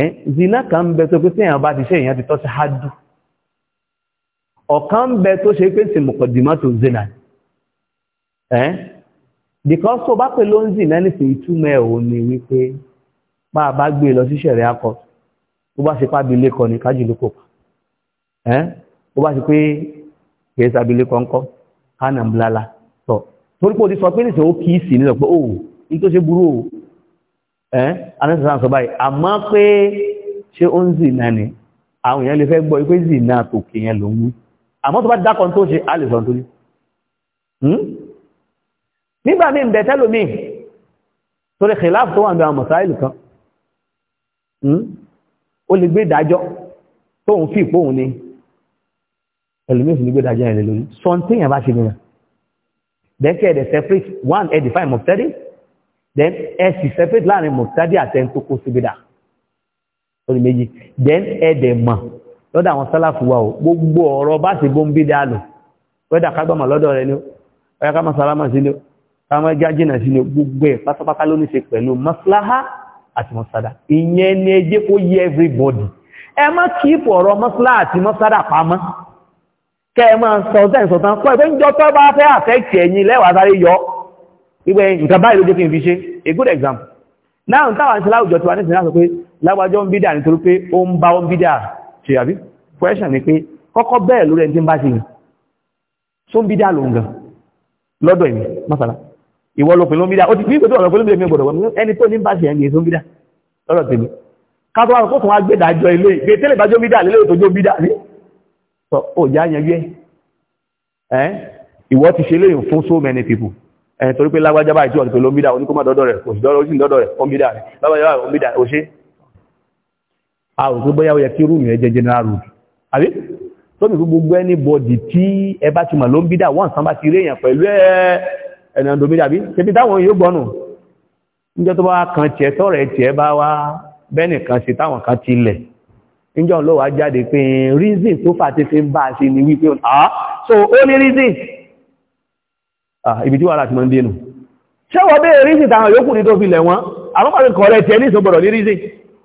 [SPEAKER 1] ẹ́ zìnà kan ń bẹ tó pé tí èèyàn bá ti ṣe èèyàn ti tọ́ sí hádù ọ̀kan bẹ tó ṣe pé sì mọ̀kọ̀dìmọ̀ tó zìnà ẹ́ because tó bá pè ló ń zìnà ní sí ìtumọ̀ ẹ̀ ò ní wípé bá a bá gbé e lọ sí ṣẹ̀rẹ̀ akọ tó bá ṣe pábi lékọ ní kájù ló kópa ẹ́ tó bá ṣe pé kìí sábi lékọ ńkọ́ hánà ńlá torí pé o ti sọ pé nìṣẹ́ ó kì í sì nílò pé ó oh, ní tó ṣe burú o ẹ́ anẹ́sàn sọ báyìí àmọ́ pé ṣé ó ń zì náà ni àwọn èèyàn lè fẹ́ gbọ́ pé zì náà tòkè yẹn ló ń wí àmọ́ tó bá dákọ̀ tó ṣe á lè sọ nítorí hmm? nígbà míì ń bẹ tẹ́lómi torí kìláàfù tó wà ní àwọn mọ̀sáìlì kan hmm? ó lè gbé ìdájọ́ tóun fi ìpóhun ni ẹlòmíì sì lè gbé ìdájọ́ yẹn lórí sọ then kẹ́ ẹ̀dẹ̀ separate one ẹ̀ define mọ̀tẹ́dì then ẹ̀ sì separate láàrin mọ̀tẹ́dì àtẹ̀ tó kó síbi dà ó ní méjì then ẹ̀dẹ̀ mọ̀ lọ́dọ̀ àwọn sálàfù wa o gbogbo ọ̀rọ̀ bá sì bó ń bí dáa lò wẹ́dà kágbàmọ̀ lọ́dọ̀ rẹ ni ó ọ̀yá ká má sálámà sí ni ó ká má jájìnà sí ni ó gbogbo ẹ̀ pátápátá ló ní ṣe pẹ̀lú maslaha àti masada ìyẹn ni ẹ jẹ́ kó yé everybody ẹ má kíìpù ọ̀rọ̀ maslaha àti masada pamọ́ kẹ́ ẹ máa sọ tẹ́ ìsọ̀tàn kọ́ ẹgbẹ́ ìjọ tó bá fẹ́ àfẹ́kì ẹ̀yìn lẹ́wàá sáré yọ ìgbẹ́ nǹkan báyìí kí n fi ṣe a good example náà táwọn àti láwùjọ tí wà ní ìsinmi pé lágbàjọ́ ń bídà nítorí pé ó ń bá ń bídà ṣe àbí question ni pé kọ́kọ́ bẹ́ẹ̀ lórí ẹni tí ń bá ṣe yìí tó ń bídà lòun gan lọ́dọ̀ èmi masala ìwọ ló pinnu bídà ó ti pín pẹ̀lú ọ̀rọ̀ pẹ̀lú mi gbọ́dọ̀ wọ́n ẹni tó ní bá ṣe ẹni tó ń bídà lọ́dọ̀ tèmi ká tó wá kó tún wá tọ́ ó já yẹn yẹ ẹ́ ìwọ ti ṣe léyìn fún so many people ẹ̀ eh, torí pé lágbájá báyìí tí wọ́n ti pè ló ń bídà oníkọ́mọ̀ dọ́dọ̀ rẹ̀ kò sí dọ́dọ̀ rẹ̀ ó ń bídà rẹ̀ lágbájá báyìí ó ń bídà ó ṣe a ò pé bóyá ó yẹ kí rúùmù yẹn jẹ́ general rule àbí tó mi gbogbo anybody tí ẹ bá ti mọ̀ ló ń bídà wọ́n sàn bá ti rí èèyàn pẹ̀lú ẹ̀nà domida níjọ́ ló jáde pé reason tó fàtí fi ń bá ṣe ni wípé ah so ó ní reason ah ibi tí wà láti mọ́ ń dénú ṣẹ́wọ́ bẹ́ẹ̀ reason tàwọn yóò ní tó fi lẹ̀ wọ́n àmọ́pàá kọ̀ọ̀rẹ́ reason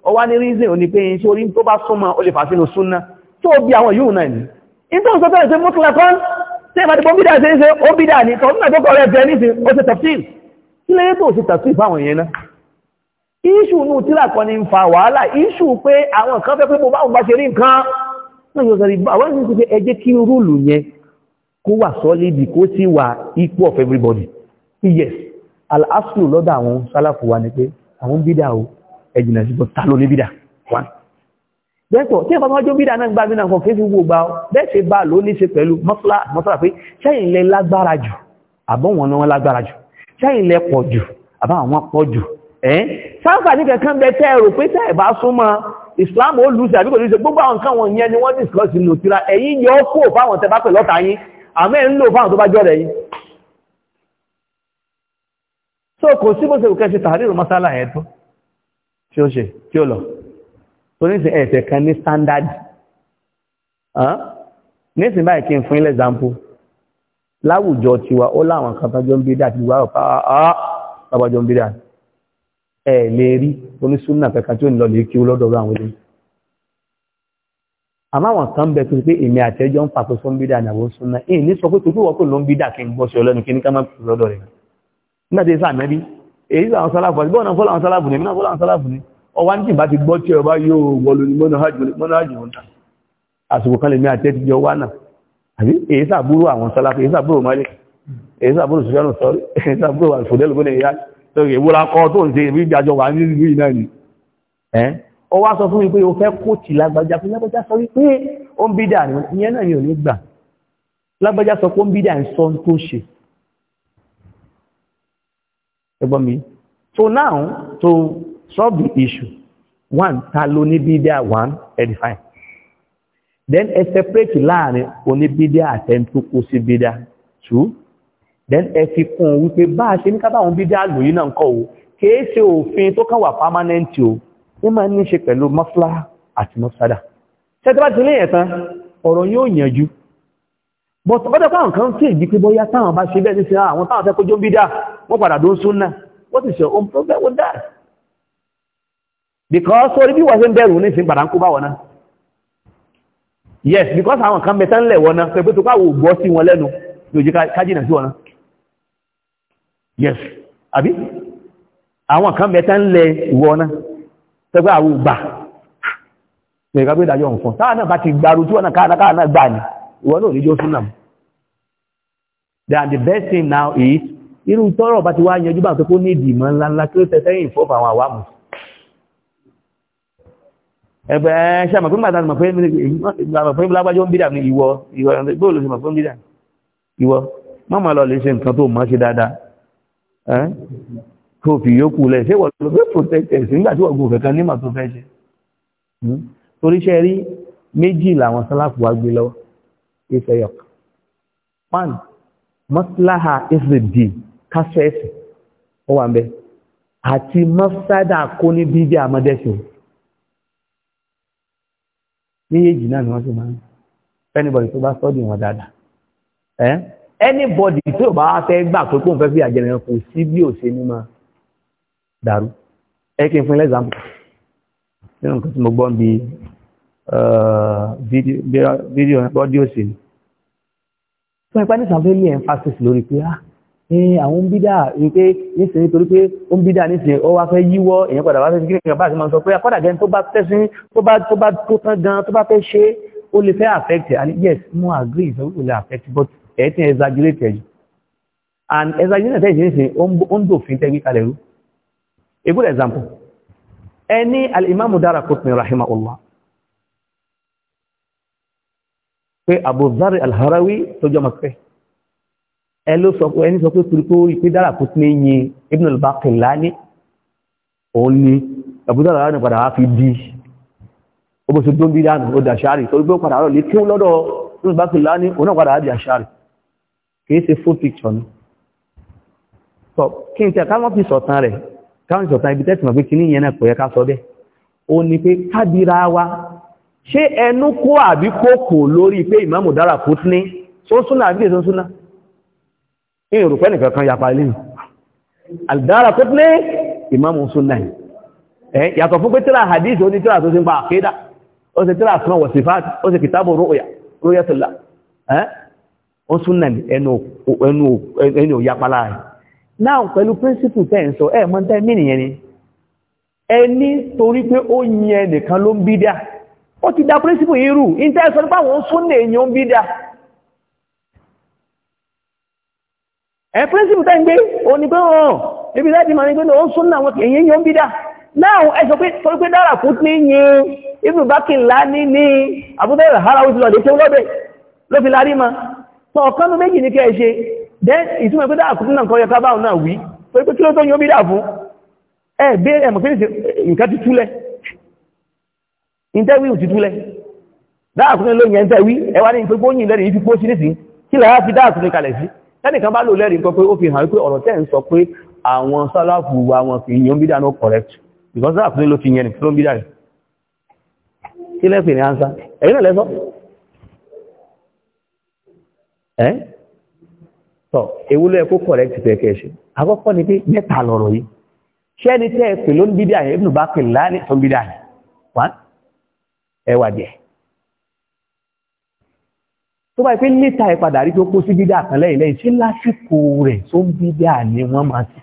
[SPEAKER 1] ó reason ò ní pé ṣe orí tó bá súnmọ́ ó lè fà sínú súnná tó bí àwọn yóò náà ní nítorí sọ tẹ́lẹ̀ sí mútùlá kan tí ìbá ti bọ́ bídà ṣe ń ṣe ó bídà ní tọ́ ní ìṣẹ́ iṣu inú tíra kan ni ń fa wàhálà iṣu pé àwọn kan fẹ́ pé mo báwọn bá ṣe rí nǹkan náà yóò sọ̀rọ̀ ìbá àwọn ìṣẹ́ pé ẹ jẹ́ kí rúùlù yẹn kó wà sọ́lídì kó sì wà ipò of everybody yes al-aslu lọ́dọ̀ àwọn sálàfù wa ni pé àwọn bídà o ẹ̀jìnà sí ta ló ní bídà one dẹ́pọ̀ tí ìfọwọ́ jó bídà náà gbámi náà kan kí fún gbogbo bẹ́ẹ̀ ṣe bá ló ní ṣe pẹ̀lú mọ́sálà pé ṣẹ́yìn lẹ lágbára jù àbọ̀wọ̀n náà lágbára jù ṣẹ́yìn lẹ pọ̀ jù àbáwọn pọ̀ jù ẹ́ sáǹfàní kankan bẹ tẹ́ ẹ̀rọ pé tẹ́ ẹ̀bá súnmọ́ Islam ó lùsẹ̀ àbíkò lùsẹ̀ gbogbo àwọn nǹkan wọn yẹn ni wọ́n discuss nù tíra ẹ̀yìn yọ kó fáwọn tẹ́ bá pẹ̀ lọ́ta yín àmẹ́ ń lò fáwọn tó bá jọ́rẹ̀ yín so kò sí bó ṣe kò kẹ́ṣe tààrí ìrùn masala ẹ̀ tó tí ó ṣe standard nísìn báyìí kí n fún ilẹ̀ example láwùjọ tiwa ó láwọn kan tó jọ ń bí dáa ti wá ọ̀pá ọ̀pá jọ ń bí dáa ẹ̀ lè rí onísúnà kankan tí ó ń lọ lè kí lọ́dọ̀ àwọn ilé àmọ́ àwọn kan bẹ tó pé èmi àtẹ́jọ́ ń pàtó fún bídà àdàbò súnà èyí ní sọ pé tó wọ́pọ̀ ló ń bídà kí n gbọ́ sí ọlọ́nu kí ní ká má pè lọ́dọ̀ rẹ̀ nígbà tí sáà mẹ́bí èyí sọ àwọn sálàfù àti bọ́ọ̀nà fọ́lá àwọn sálàfù ní mìíràn fọ́lá àwọn sálàfù ní ọwá ní tìǹbà ti gbọ́ tí ọba yóò wọlu ní mọ́nàájì lórí ìwúra kọ́ tó ń ṣe ìrí ìjàjọ wà ní ìlú ìnáà ni ẹ́ ọ wá sọ fún mi pé o fẹ́ kóòtì lágbàjá fún lágbàjá sọ wípé ó ń bídà ní ìyẹn náà ni ò ní gbà lágbàjá sọ pé ó ń bídà ń sọ tó ṣe ẹgbọ́n mi so now to solve the issue one ta ló ní bídà one edify then ẹ separate láàrin oníbídà àtẹntókó sí bídà two then ẹ fi kún un wípé bá a ṣe ní kábàá òun bí dá lòyìn náà kọ́ o kìí ṣe òfin tó kàn wà pámánẹ́ǹtì o ní máa ní ṣe pẹ̀lú mọ́fúlá àti mọ́sádà ṣẹ́tí bá ti lé yẹn ọ̀rọ̀ yóò yànjú but ọjọ́ pàwọn kan tí èdè pé bóyá táwọn bá ṣe bẹ́ẹ̀ ní àwọn táwọn fẹ́ kójó ń bí dá wọ́n padà dó ń sún náà what is your own problem with because orí bí wọ́n ṣe ń bẹ̀rù ní ìsìn padà yes because àwọn kan bẹ tán tó káwọ́ gbọ́ sí yes àbí àwọn kan mẹ́ta ń lẹ ìwọ náà tẹ́gbẹ́ àwọn ògbà ẹ̀ka pé ìdájọ́ òun fún táà náà bá ti gbàrú tí wọ́n káà náà gbà ní ìwọ náà níjọ́ súnà mú then the best thing now is irú tọ́rọ̀ bá ti wá yanjú bá pẹ́kó ní ìdìmọ̀ ńláńlá kí ó tẹ́tẹ́ yìn fọ́fà àwọn àwámù ẹgbẹ́ ṣàmọ̀ pé màtà mọ̀ pé lágbájọ́ ń bídà ní ìwọ ìwọ bóòlù sí mọ̀ pé ń bídà ìwọ mọ́mọ́ lọ lè ṣe nǹkan tó mọ́ ṣe dáadáa tó fi yókù lẹ̀ ṣé wọ́n lọ fẹ́ protectors nígbà tí wọ́n gbọ́ kankan nígbà tó fẹ́ ṣe hmm? torí ṣe rí méjì làwọn sálàfù wa gbé lọ́wọ́ ìfẹ́ yọk one mọ́síláhà ìfìdí kásẹ̀ẹ́sì ó wà ń bẹ àti mọ́sádà kó ní bíbí àmọ́dẹ́sìn méjèèjì náà ni wọ́n ti máa ń fẹ́nibọ̀dì tó bá sọ́dì wọn dáadáa anybody tí ò bá fẹ́ gbà pé kó n fẹ́ fi àjẹrẹ kò sí bí ò ṣe ní máa dàrú ẹ kí n fún lẹ́sàmù nínú nǹkan tí mo gbọ́n bí fídíò bọ́dí òsè fún ipá ní sàmúlẹ̀ ní emphasis lórí pé ah ní àwọn ń bídà ní pé nísìnyí torí pé ó ń bídà nísìnyí ó wá fẹ́ yíwọ́ èèyàn padà wá fẹ́ sí kíkẹ́ bá àti máa sọ pé akọ́dà ah, gẹ́ni tó bá tẹ́sí tó bá tó bá tó tán gan tó bá fẹ́ ṣe ó lè fẹ́ affect yes mo agree ìfẹ́ wípé lè affect but ẹ̀ tí exaggerate jù and exaggerate jù nísìn ó ń dòfin tẹ́gbí kalẹ̀ rú a good example ẹni al'imamu Daraqutni rahimahullah pé Abu Dharr al-Harawi tó jọ mọ̀pẹ́ ẹ ló sọ pé ẹni sọ pé turuko ìpín Daraqutni yin Ibn al-Baqillani òun ni Abu Dharr al-Harawi padà wá fi bí ó bó ṣe dóńbí dánù ó dà ṣáàrì torí pé ó padà rọ̀ lé kí ó lọ́dọ̀ Ibn al-Baqillani òun náà padà wá di àṣáàrì kìí ṣe full picture ni sọ kí n tẹ ká wọ́n fi sọ̀tàn rẹ̀ káwọn sọ̀tàn ibi tẹ́tì mọ̀ pé kí ní yẹn náà kò ká sọ bẹ́ẹ̀ ó ní pé kábíra wa ṣé ẹnu kó àbí kókò lórí pé ìmáàmù dára kú ní sọ́súnà àbí ìsọ́súnà ní ìrùpẹ́ nìkan kan yapa ilé àdára kú ní ìmáàmù súnà yìí ẹ̀ yàtọ̀ fún pé tíra hadith ó ní tíra tó ti ń pa àkédà ó sì tíra àsùnà wọ̀sífà ó sì kìtàbù rúyà rúyà tó lá ó tún nà ẹnu ẹnu òyapalá rẹ̀. náà pẹ̀lú príncipù tẹ́ ń sọ ẹ mọ́ tẹ́ mìnìyàn ni ẹni torí pé ó yẹn nìkan ló ń bí dá ó ti dá príncipù yìí rù ní tẹ́ sọ nípa àwọn súnnà èèyàn ń bí dá ẹ príncipù tẹ́ ń gbé òní pé hàn ibi láti máa ní pé ó ń súnnà àwọn èèyàn yóò ń bí dá náà ẹ sọ pé torí pé dára kú ní yín ibùbákin lá ní ní ó ti ló fi lárí ma tọ́ ọ̀kan ló méjì ní kẹ́ ṣe dẹ́ ìtumọ̀ pé dáàkùn náà kọ́ yẹ ká báwọn náà wí pé pé kí ló tó yóò bí dáàfún ẹ gbé ẹmọ̀ pé nǹkan ti túlẹ̀ ìtẹ́wí ò ti túlẹ̀ dáàkùn ló yẹn tẹ́wí ẹwà ní pé gbóyìn lẹ́rìí fi pósí nísìn kí làá fi dáàkùn kalẹ̀ sí tẹ́nìkan bá lò lẹ́rìí nǹkan pé ó fi hàn pé ọ̀rọ̀ tẹ́ ń sọ pé àwọn sálàfù àwọn fi yan bí dáná correct because dáàkùn ló fi yẹn nìkan ló ń bí dáàkùn kí lẹ́pẹ̀ ní answer ẹ̀yìn náà lẹ́sọ́ ẹ́ tọ́ ewúlò ẹ̀kọ́ correct pé kẹ́ ṣe àkọ́kọ́ ni pé mẹ́ta lọ̀rọ̀ yìí ṣé ẹni tẹ́ ẹ pè ló ń bí dáa yẹn ibùdó bá pè láàrin tó ń bí dáa yẹn wọ́n ẹ wà jẹ́ tó bá yẹ pé níta ẹ padà rí tó kó sí bí dáa kan lẹ́yìn lẹ́yìn ṣé lásìkò rẹ̀ tó ń bí dáa ni wọ́n máa ti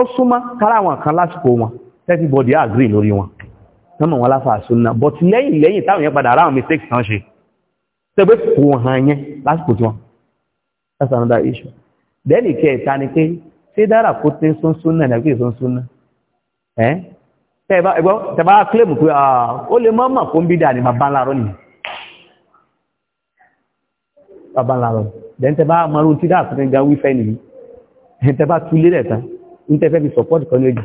[SPEAKER 1] ó súnmọ́ kára àwọn kan lásìkò wọn tẹ́tí bọ́dì àgírí lórí wọn tánmà wọn láfà àṣúnná but lẹ́yìn lẹ́yìn táwọn yẹn padà ara àwọn mistakes kan ṣe tẹ́gbẹ́ kò hàn yẹn lásìkò tí wọn that's another issue then ìkẹta ni pé ṣé dára kó tẹ sunsun náà nàbí sunsun náà ẹ tẹ bá ẹgbọ tẹ bá claim pé ó lè mọ mọ kó ń bí dà ní bàbá ńlá rọ nìyẹn bàbá ńlá rọ then tẹ bá mọrú tí dára kó tẹ ga wífẹ nìyí tẹ bá tú lélẹ̀ tán ń tẹ fẹ́ fi support kan lójú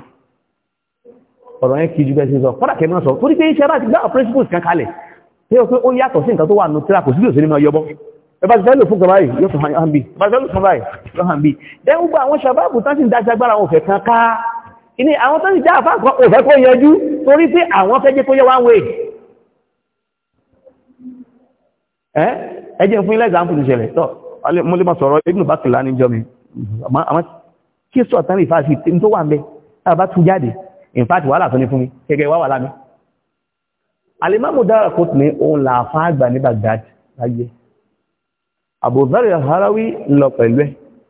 [SPEAKER 1] ọ̀rọ̀ yẹn kì í ju bẹ́ẹ̀ ṣe sọ kọ́dà kẹ́mi náà sọ torí pé iṣẹ́ bá ti gbá principles kan kalẹ̀ pé ó yàtọ̀ sí nǹkan tó wà nù ẹbá ti fẹ́lò fún gaba yìí yóò fún hàn bí bá fẹ́lò fún báyìí yóò hàn bí dẹ́n gbogbo àwọn ṣàbábù tán sì ń dáṣẹ́ agbára òfẹ́ kan ká iní àwọn tán sì já àfá kan òfẹ́ kó yẹjú torí pé àwọn fẹ́ jẹ́ kó yẹ wá wé ẹ́ ẹjẹ́ fún ilẹ̀ ìdáhùn ìṣẹ̀lẹ̀ tọ́ mo lè mọ sọ̀rọ̀ ibùdó bá kìlá níjọ mi àwọn kí sọ tán ìfà sí tí tó wà ń bẹ tá a bá tú jáde ìfàtí wàhálà tó ní fún mi gẹ́gẹ́ wà wà lámi alimamu dára kó tún ní òun làáfà àgbà ní Baghdad láyé àbòzárì àháráwí lọ pẹ̀lú ẹ̀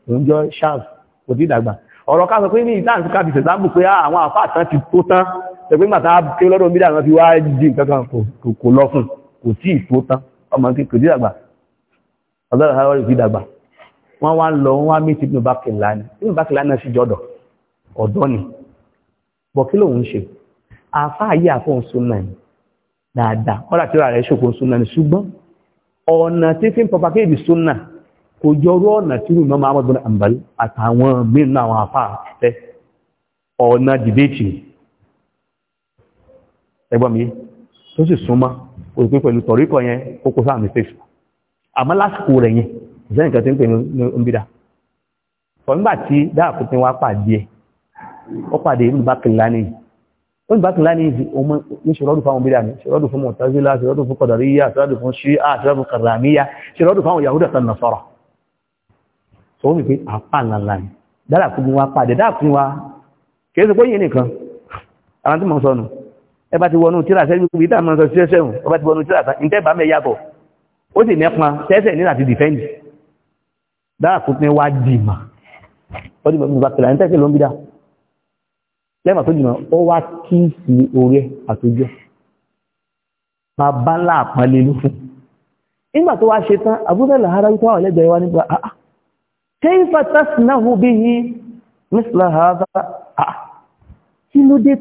[SPEAKER 1] oúnjọ shams kò tí dàgbà ọ̀rọ̀ ká sọ pé ní ìdáhùn tí kábíyèsí sáàbù pé ah, àwọn àfáàtàn ti tó tán tẹ̀pé gbàtà ké lọ́dọ̀ mídà wọn fi wá jí nǹkan kan kò lọ fún kò tí ì tó tán ọmọ kí kò tí dàgbà ọ̀dọ́rọ̀ àháráwí fi dàgbà wọ́n wá lọ wọ́n wá méjì nínú bákìlá ni nínú bákìlá náà sì jọ́dọ̀ ọ̀dọ́ ni bọ̀ kí lòun ń ṣe àfáà yí àfóhùn ọ̀nà tí fi ń pọ̀pàkéèdì súnnà kò jọrọ ọ̀nà tí rú mọ́mọ́ amọ́dún àmbàl àtàwọn mìíràn àwọn afá àtẹ́ ọ̀nà dìbéètì ẹgbọ́n mi tó sì súnmọ́ òpin pẹ̀lú tọ̀ríkọ̀ yẹn ó kó sáà mistake àmọ́ lásìkò rẹ̀ yẹn ìsẹ́yìn kan tí ń pè ní ombida fọ̀ nígbà tí dáàkú tí wọ́n pàdé ó pàdé ìlú bákìlá nìyí ó ní bákan láni ìdí ọmọ ní ṣòrọ́dù fáwọn bídà ní ṣòrọ́dù fún mọ̀tàzílá ṣòrọ́dù fún kọ̀dàríyà ṣòrọ́dù fún ṣíà ṣòrọ́dù fún kàràmíyà ṣòrọ́dù fáwọn yahuda tàn nasara sọ wọ́n pé apá ńláńlá ni dára fún wa pàdé dára fún wa kìí ṣe pé yìí nìkan àwọn tí mo sọ nù ẹ bá ti wọnú tíra sẹ́yìn kúbi tá a máa sọ sí ẹsẹ̀ ẹ kìlà ní tẹ́sẹ̀ ló ń bí dáa lẹ́mà tó jùmọ̀ ó wá kí sí orí ẹ̀ àtòjú ẹ̀ bàbá ńlá àpọ́nlé ló fún nígbà tó wá ṣe tán abúlé ara wípé àwọn ẹlẹ́gbẹ̀ẹ́ wá nígbà àá ah, ah, kayfa tasnahu bihi misla hadha àá ah, kí ló bí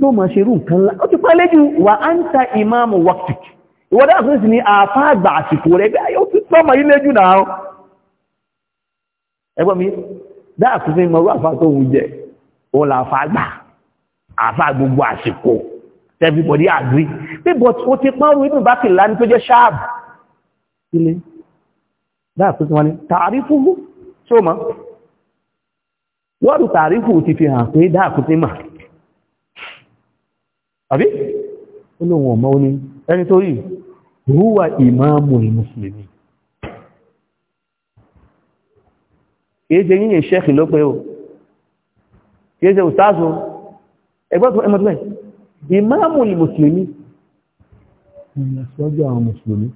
[SPEAKER 1] ayé ó àfà gbogbo àsìkò everybody agree pé but ó ti pọ́n rúbìn bákì láni tó jẹ́ ṣáàbù ilé dáà pé wọ́n ni tààrífù ṣó mọ́ wọ́ọ̀dù tààrífù ti fi hàn pé dáà kú sí mà àbí
[SPEAKER 2] ó lóun ọ̀mọ́ ó ní ẹni tó rí huwa ìmáàmù mùsùlùmí
[SPEAKER 1] kìí ṣe yíyìn ṣẹ́kì ló pé o kìí ṣe ẹgbẹ́ tó ẹmọ́ tó báyìí ìmáàmù mùsùlùmí ìrìnàṣọ́jọ́ àwọn mùsùlùmí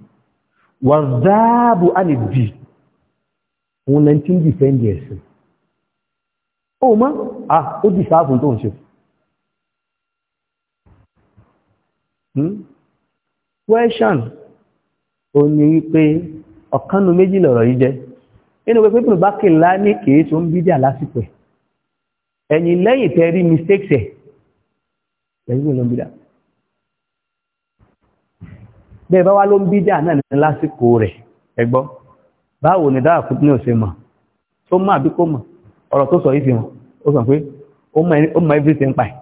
[SPEAKER 1] wà záàbù ánìdì òun náà tí ń dìfẹ́ndì ẹ̀sìn ó má à ó dì sáàbù tó ń ṣe hmm? question ó ní wípé ọ̀kánu méjì lọ̀rọ̀ yìí jẹ́ nínú pé pípùn bákìlá ní kèé tó ń bídà lásìkò ẹ̀yìn lẹ́yìn tẹ́ rí mistakes ẹ̀ ẹ̀yìn ló ń bídà bẹ́ẹ̀ bá wá ló ń bídà náà ní lásìkò rẹ̀ ẹgbọ́ báwo ni dáa kú ní òṣè mọ̀ tó mọ̀ àbí kó mọ̀ ọ̀rọ̀ tó sọ yìí ó sọ pé ó mọ everything pa ẹ̀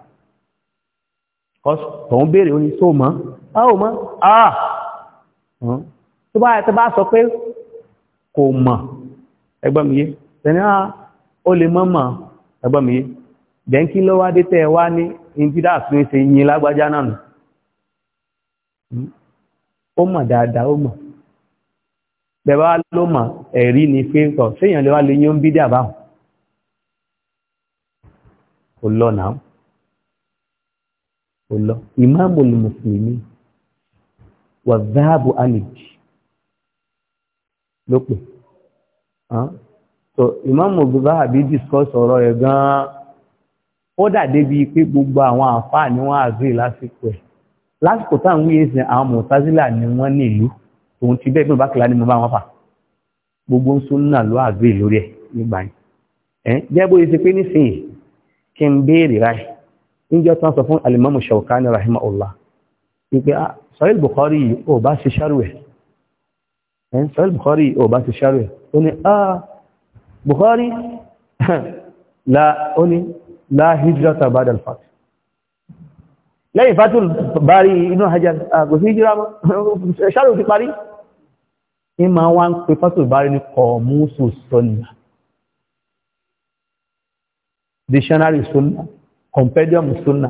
[SPEAKER 1] tọ̀hún béèrè ó ní tó mọ̀ báwo mọ̀ ah tó bá ẹ̀ tó bá sọ pé kò mọ̀ ẹgbọ́n mi yé tẹ̀lé ó lè mọ̀ mọ̀ ẹgbọ́n mi yé dẹ̀ kí ló wá dé tẹ́ wá ní indidas ní ṣe yìn lágbájá náà nù ó mọ̀ dáadáa ó mọ̀ bẹ̀bá ló mọ̀ ẹ̀rí ni fífọ̀ séèyàn lè lè yín ó ń lọ lọ wà so discuss kódà débi pé gbogbo àwọn àǹfààní ni wọ́n àgbè lásìkò ẹ̀ lásìkò táwọn wíyé sin àwọn mọ̀tázílà ni wọ́n nílùú tòun ti bẹ́ẹ̀ gbọ́n bá kìlá ni mo bá wọn fà gbogbo ń sún náà ló àgbè lórí ẹ̀ nígbà yẹn ẹ̀ jẹ́ bóyá ṣe pé nísìnyí kí n béèrè ráì níjọ́ tí wọ́n sọ fún alimami Shawkani rahimahullah wípé ah, sọ́yìn Bukhari ò bá ṣe ṣáró ẹ̀ ẹ̀ sọ́yìn Bukhari ò bá ṣe ṣáró ẹ̀ ó ní ah, Bukhari la ó ní la hijrata ba'da al-fath lẹ́yìn fatul bari inú hajjá àgbòsí ah, hijira ṣáàrù ti parí ní ma wá ń fatul bari ní kọmúsù sunna dictionary sunna compendium sunna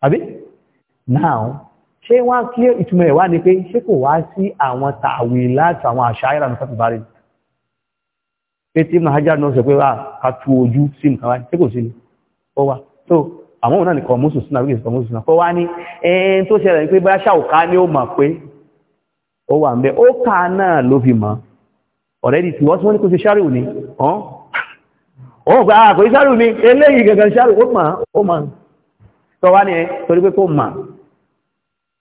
[SPEAKER 1] Abi? now ṣé wá kí ìtumọ̀ ẹ̀wà ni pé ṣé kò wá sí àwọn tààwì láti àwọn àṣà fatul bari pé tí ibn hajjá náà sọ pé wà ah, ká tu ojú sí nǹkan wáyé ṣé kò sí ó wà so àwọn òun náà ní kọmúsù sínú àbúgbé kọmúsù sínú kọ wá ní ẹn tó ṣẹlẹ̀ ní pé bá ṣàwùká ní ó mọ̀ pé ó wà ń bẹ ó kà náà ló fi mọ̀ ọ̀rẹ́dì tí wọ́n tí wọ́n ní kó ṣe ṣáàrù ni ọ́n ó àkòrí ah, ṣáàrù ni eléyìí gẹ̀gẹ̀ ṣáàrù ó mọ̀ ó mọ̀ tọ́ wá ní ẹ torí pé kó mọ̀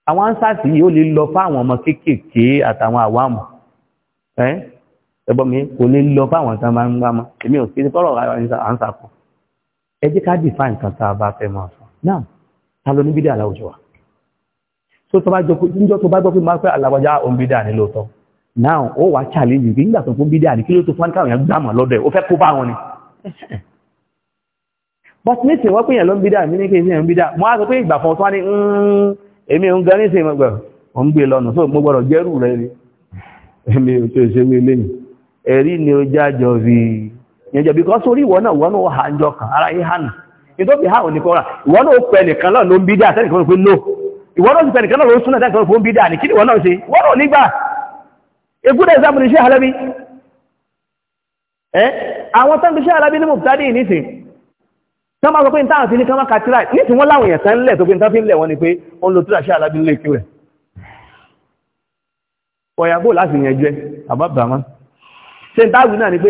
[SPEAKER 1] àwọn ansáàsì yìí ó lè lọ fáwọn ọmọ kéékèèké àtàwọn àwàmù ẹ ẹgbọ́n mi kò lè lọ fáwọn tán bá ń gbá mọ́ èmi ò sí fọ́rọ̀ àǹsà ẹ jẹ́ ká dìfà nǹkan tá a bá fẹ́ máa sọ náà ta ló ní bídà láwùjọ wa so tó bá jọ pé níjọ́ tó bá gbọ́ pé máa fẹ́ alágbájá òun bídà ní lóòótọ́ náà ó wàá challenge pé nígbà tó fún bídà ní kí ló tó fún káwọn yẹn gbà mọ́ lọ́dọ̀ ẹ̀ ó fẹ́ kó bá wọn ni but ní ìsìn wọ́n pè yẹn ló ń bídà mí ní kí n bídà mo á sọ pé ìgbà fún ọ wá ní hmm, èmi ń gan ní ìsìn mọ́gbà ò ń gbé lọ́nà so mo gbọ́dọ̀ jẹ́rù rẹ ni èmi ò tó ṣe mí lẹ́yìn ẹ̀rí ni ó jájọ bíi yẹnjẹ̀ bí kọ́ sórí ìwọ náà wọ́n náà ha ń jọ kàn ara yìí hànà ìtọ́ fi ha ò ní kọ́ ra pẹ̀ nìkan náà ló ń bídà tẹ́nìkan pé no ìwọ náà sì pẹ̀ nìkan náà ló ń súnà tẹ́nìkan pé ó ń bídà ní kí ìwọ náà ṣe wọ́n náà nígbà egúdẹ̀ ìsáàmùn iṣẹ́ alábí ẹ́ àwọn tán bí iṣẹ́ alábí ní mọ̀tádì nìsìn tán máa sọ pé ní táàfin ní kánwà kàtírà nìsìn wọ́n láwọn ni pé ó ń lo tíra ṣe ń táàwì ni pé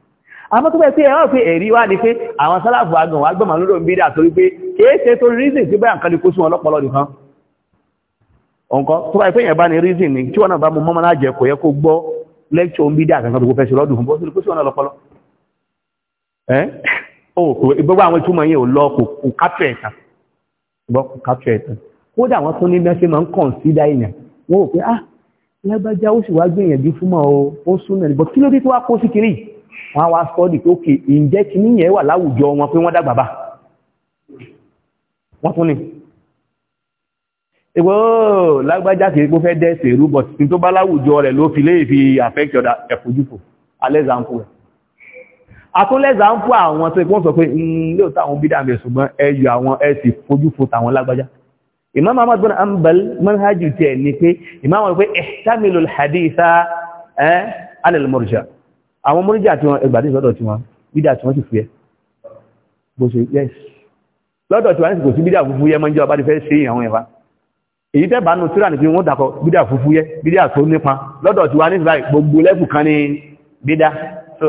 [SPEAKER 1] àmọ́ tó bẹ́ẹ̀ pé ẹ̀rọ pé ẹ̀rí wá ní pé àwọn sálàfù agan wà gbọ́mà lórí òmìnira torí pé kéèṣe tó reason tí báyà nǹkan lè kó sún ọlọ́pọ̀lọ́ nìkan ọ̀nkọ́ tó bá ìpéyàn bá ní reason ni tí wọ́n náà bá mú mọ́mọ́ lájẹ kò yẹ kó gbọ́ lecture òmìnira kankan tó kó fẹ́ ṣe lọ́dún fún bọ́ sí kó sún ọlọ́pọ̀lọ́ ẹ́ ó gbogbo àwọn ìtumọ̀ yẹn ò lọ kò capture ẹ̀tàn gbọ́ kò capture ẹ̀tàn kódà wọ́n tún ah, ní mọ́ but kí ló dé tó wọ́n wá sọ́dì tó kè ìjẹ́ kí níyẹn wà láwùjọ wọn pé wọ́n dàgbà bá wọ́n tún ní ìwọ́ oh, lágbájá kìí kó fẹ́ dẹ́sẹ̀ rú bọ̀ tí tó bá láwùjọ rẹ̀ ló fi léèfi affect ọ̀dà ẹ̀fòjúfò alẹ́zàmfò rẹ̀ àtúnlẹ́zàmfò àwọn tó ikú sọ pé hmm, lóòótọ́ àwọn bídà mẹ́ ṣùgbọ́n ẹyọ àwọn ẹ̀sì fojúfò tàwọn lágbájá Imam Ahmad bin Hanbal manhajù tiẹ̀ ni pé ìmáàmù pé ihtamilul haditha eh, anil murja' àwọn mọ́níjà tí wọ́n ẹgbàdé lọ́dọ̀ tí wọ́n bídà tí wọ́n sì fúyẹ́ bó ṣe yes lọ́dọ̀ tí wọ́n sì kò sí bídà fúfú yẹ mọ́jọ́ bá ti fẹ́ ṣe àwọn ẹ̀fà èyí tẹ́bà nù tíra nìpín wọ́n dàkọ bídà fúfú yẹ bídà tó nípa lọ́dọ̀ tí wọ́n ní ìfà gbogbo lẹ́kù kan ní bídà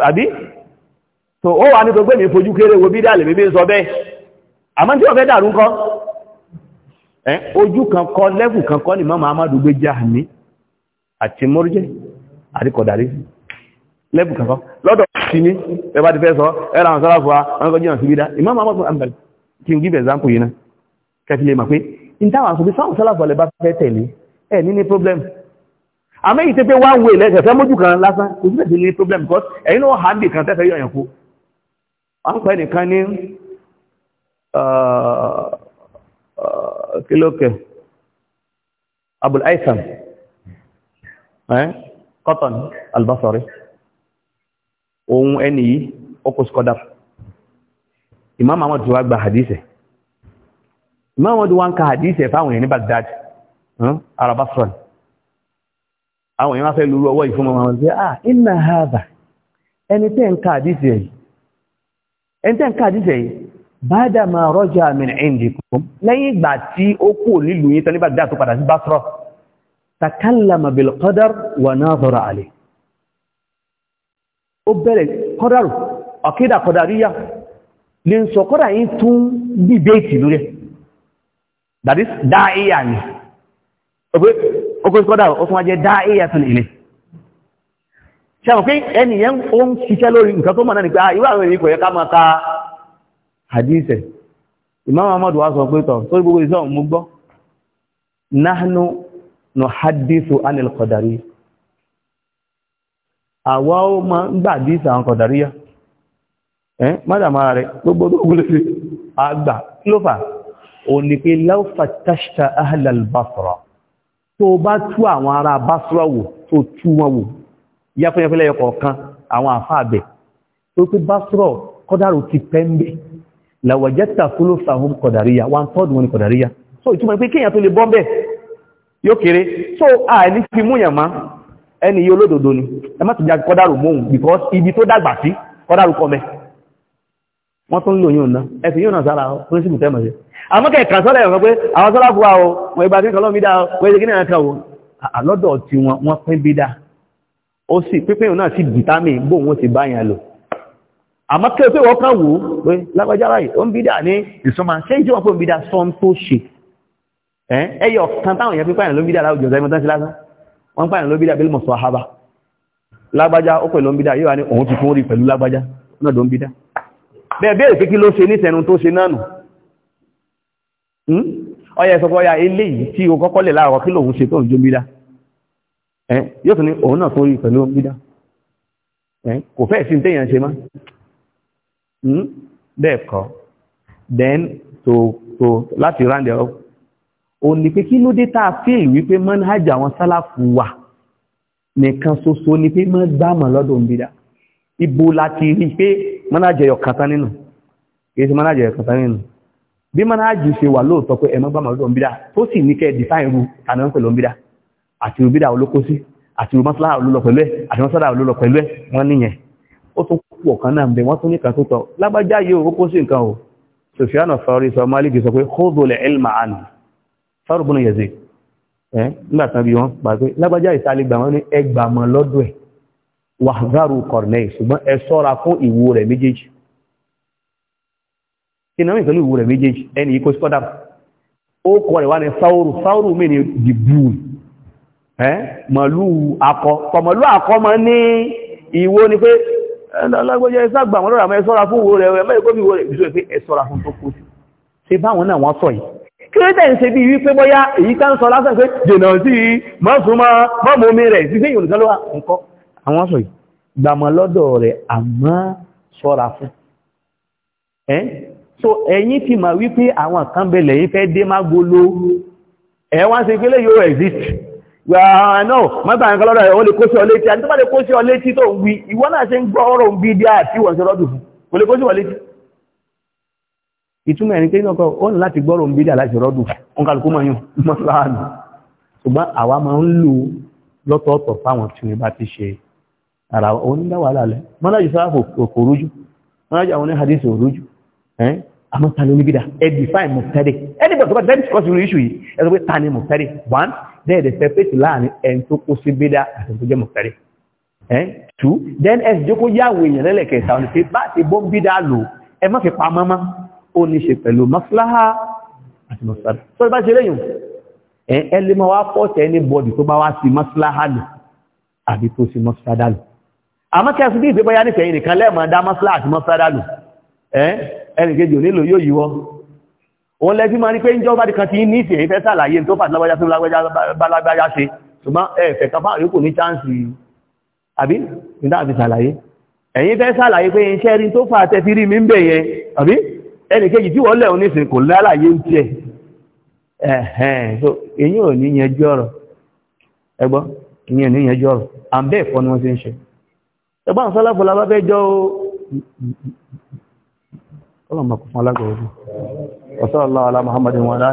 [SPEAKER 1] àbí tó ó wà ní gbogbo mi fojú kéré wo bídà lè mímí sọ bẹ́ẹ̀ àmọ́ tí wọ́n fẹ́ dàrú kọ́ ojú kan kọ́ lẹ́kù kan kọ́ ni mọ́ lẹ́bù kankan lọ́dọ̀ sí ní ẹbá ti fẹ́ sọ ẹ̀rọ àwọn sọ́lá fún wa wọ́n kọjú àwọn síbídá Imam Ahmad bin Hanbal kí n give example yìí náà kẹfì lè mà pé in táwọn àṣọ pé sáwọn sọ́lá fún ọlẹ́bá fẹ́ tẹ̀lé ẹ̀ ní ní problem àmẹ́ yìí tẹ́ pé one way lẹ́sẹ̀ fẹ́ mójú kan lásán kò sí tẹ̀sí ní problem because ẹ̀yin náà hàn bì kan tẹ́fẹ́ yọ̀yàn kú wọ́n pẹ́ nìkan ní kílókè Abul Aysam Cotton Al-Basri ohun ẹni yìí ọkọ̀ skọ́dá imam ahmad wa gba hadise imam ahmad wa ń ka hadise fáwọn èèyàn ní baghdad hmm, arabasran àwọn èèyàn fẹ́ lúrú ọwọ́ ìfún ọmọ ọmọdé ah inna hadha ẹni tẹ́ ń ka hadise yìí ẹni yìí bada ma raja min indikum lẹ́yìn ìgbà tí ó kò nílùú yìí tán ní baghdad tó padà sí basra takallama bil qadar wa nadhara alayh ó bẹ̀rẹ̀ kọ́dàrù àkídà kọdara lè ń sọ kọ́dà yìí tún lórí dáíyà ni ọgbẹ́ kọ́dàrù ó tún wá dáíyà tún ilé ṣàmù pé ẹniyàn ó ń ṣiṣẹ́ lórí nǹkan tó mọ̀ náà ni pé ah, irú àwọn ènìyàn kò ka Imam Ahmad wa awo ó ma ń gbà díìsì àwọn kọ̀dàríyà ẹ́ mádàmára rẹ̀ gbogbo gbogbo lè àgbà kí ló fà ò ní pé láwùfà tàṣà tó bá tú àwọn ará basra wò tó tú wọn wò yáfẹ́yẹfẹ́lẹ́ kan basra one third ni so yóò kéré so ẹni yóò lódòdó ni ẹ má ti jà kọ́dàrù mọ́hùn because ibi tó dàgbà sí kọ́dàrù kọ́ mẹ́ wọ́n tó ń lò yóò náà ẹ̀fì yóò náà sára príncipù tẹ́mọ̀ sí àmọ́kẹ̀ kàṣọ́lẹ̀ ẹ̀fẹ́ pé àwọn sọ́lá fún wa o wọ́n ìgbà kíkọ́ lọ́mídà wọ́n ìdí kíní àkà o àlọ́dọ̀ tí wọ́n wọ́n pín bídà ó sì pínpín náà sì dìtámì bó wọn ti bá yẹn lò àmọ́kẹ́ pé wọ́n kàn wò pé lágbàjára yìí ó ń bídà ní ìsọmọ ṣé ìjọba pé ń bídà sọ́n tó ṣe ẹ̀yọ̀ kan táwọn èèyàn pípa ìrìn ló ń bídà láwùjọ wọ́n pààyàn ló bídá bílmọ̀ sọ́hábà lágbájá ó pẹ̀lú bídá yíwa ní òun ti fún orí pẹ̀lú lágbájá náà ló ń bídá bẹ́ẹ̀ pé kí ló ṣe ní tẹnu tó ṣe nánù ọyẹ hmm? sọ fọ́ya ilé yìí tí o kọ́kọ́ lè láàrọ̀ kí lòun ṣe tó ń jó bídá yóò tún ní òun náà tó rí pẹ̀lú bídá hmm? then to to láti round òun ni pé kí ló dé tá a fíìl wípé manhaj àwọn sálàfù wà nìkan ṣoṣo ni pé mọ́ gbámọ̀ lọ́dọ̀ ń bídá ibo láti rí pé manhaj ẹyọ kàtán nínú kìí sí manhaj ẹyọ kàtán nínú bí manhaj ṣe wà lóòótọ́ pé ẹmọ́ gbámọ̀ lọ́dọ̀ ń bídá tó sì ní kẹ́ define ru tàná ń pè lọ ń bídá àti ru bídá olókó sí àti ru mọ́sálà olólọ fáwọn ògbónà yẹ̀zẹ̀ eh, ẹ́ nígbàtán bí wọ́n pa pé lágbájá ìsàlẹ̀ gbà wọ́n ní ẹgbà mọ́ lọ́dọ̀ ẹ̀ wàhálàrù kọ̀rọ̀nẹ́ ṣùgbọ́n ẹ sọ́ra fún ìwo rẹ̀ méjèèjì kí náà ìpínlẹ̀ ìwo rẹ̀ méjèèjì ẹni yìí kó sọ́dà ó kọ rẹ̀ wá ní fáwọ́rù fáwọ́rù mi ní dìbù ẹ́ eh, màlúù akọ kọ̀ màlúù akọ mọ́ ní ìwo ni pé lágbájá ìsàgbà wọn lọ́ra ẹ sọ́ra fún ìwo rẹ̀ mẹ́rin kírétẹ̀ ń ṣe bí wípé bọ́yá èyí ká ń sọ lásán pé jẹ̀nà sí mọ́súnmọ́ mọ́mọ́mí rẹ̀ sí fíyìn olùkọ́ lówà nǹkan àwọn sọ yìí gbàmọ́ lọ́dọ̀ rẹ̀ àmọ́ sọ́ra fún ẹ́ so ẹ̀yin ti mọ̀ wípé àwọn kan bẹ̀lẹ̀ yìí fẹ́ dé má gbóló ẹ̀ wá ṣe pélé yóò exist yàánà mọ́ta nǹkan lọ́dọ̀ ẹ̀ wọ́n lè kó sí ìtumọ̀ ẹni pé lọ́kọ̀ ó ní láti gbọ́rọ̀ ń bídà láti rọ́dù wọn kàlùkù mọ̀ yún mọ́ láàánú ṣùgbọ́n àwa máa ń lò lọ́tọ̀ọ̀tọ̀ fáwọn tí wọ́n bá ti ṣe ara onígbàwà lálẹ́ mọ́lájú sáfò kò rújú mọ́lájú àwọn ní hadith ò rújú àmọ́ ta ló one then the separate láàrin ẹni tó kó sí bídà two then ẹ sì jókòó yáwó èèyàn lẹ́lẹ̀kẹ̀ẹ́ta ọ̀nà pé bá ti bọ́ ẹ má fi pa mọ́mọ́ ó ní ṣe pẹ̀lú maslaha àti maslaha so bá ṣe lẹ́yìn ẹ lè máa wá pọ́ọ̀tẹ̀ ẹni bọ́ọ̀dì tó bá wá sí maslaha lò àbí tó sí maslaha lò àmọ́ kí a sì bí ìgbé bọ́yá nífẹ̀ẹ́ nìkan lẹ́ẹ̀mọ̀ dá maslaha àti maslaha lò ẹni kejì ò nílò yóò yíwọ́ òun lẹ́bí máa ní pé ìjọba kan ti ní ìsìn ìfẹ́ sàlàyé tó fà lágbájá tó lágbájá àbí nígbà àti sàlàyé ẹ̀yin fẹ́ sàlàyé pé iṣẹ́ rí tó fà tẹ́fí rí mi ń bẹ̀ yẹn àbí ẹnìkejì tí wọ́n eji nísìn kò lálàyé ń tiẹ̀ ẹ̀hẹ́n so èyí ò ní yẹjú ọ̀rọ̀ ẹgbọ́ ìyẹn ní ọ̀rọ̀ ni wọ́n ti ń ẹgbọ́n bá fẹ́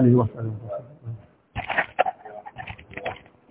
[SPEAKER 2] jọ ó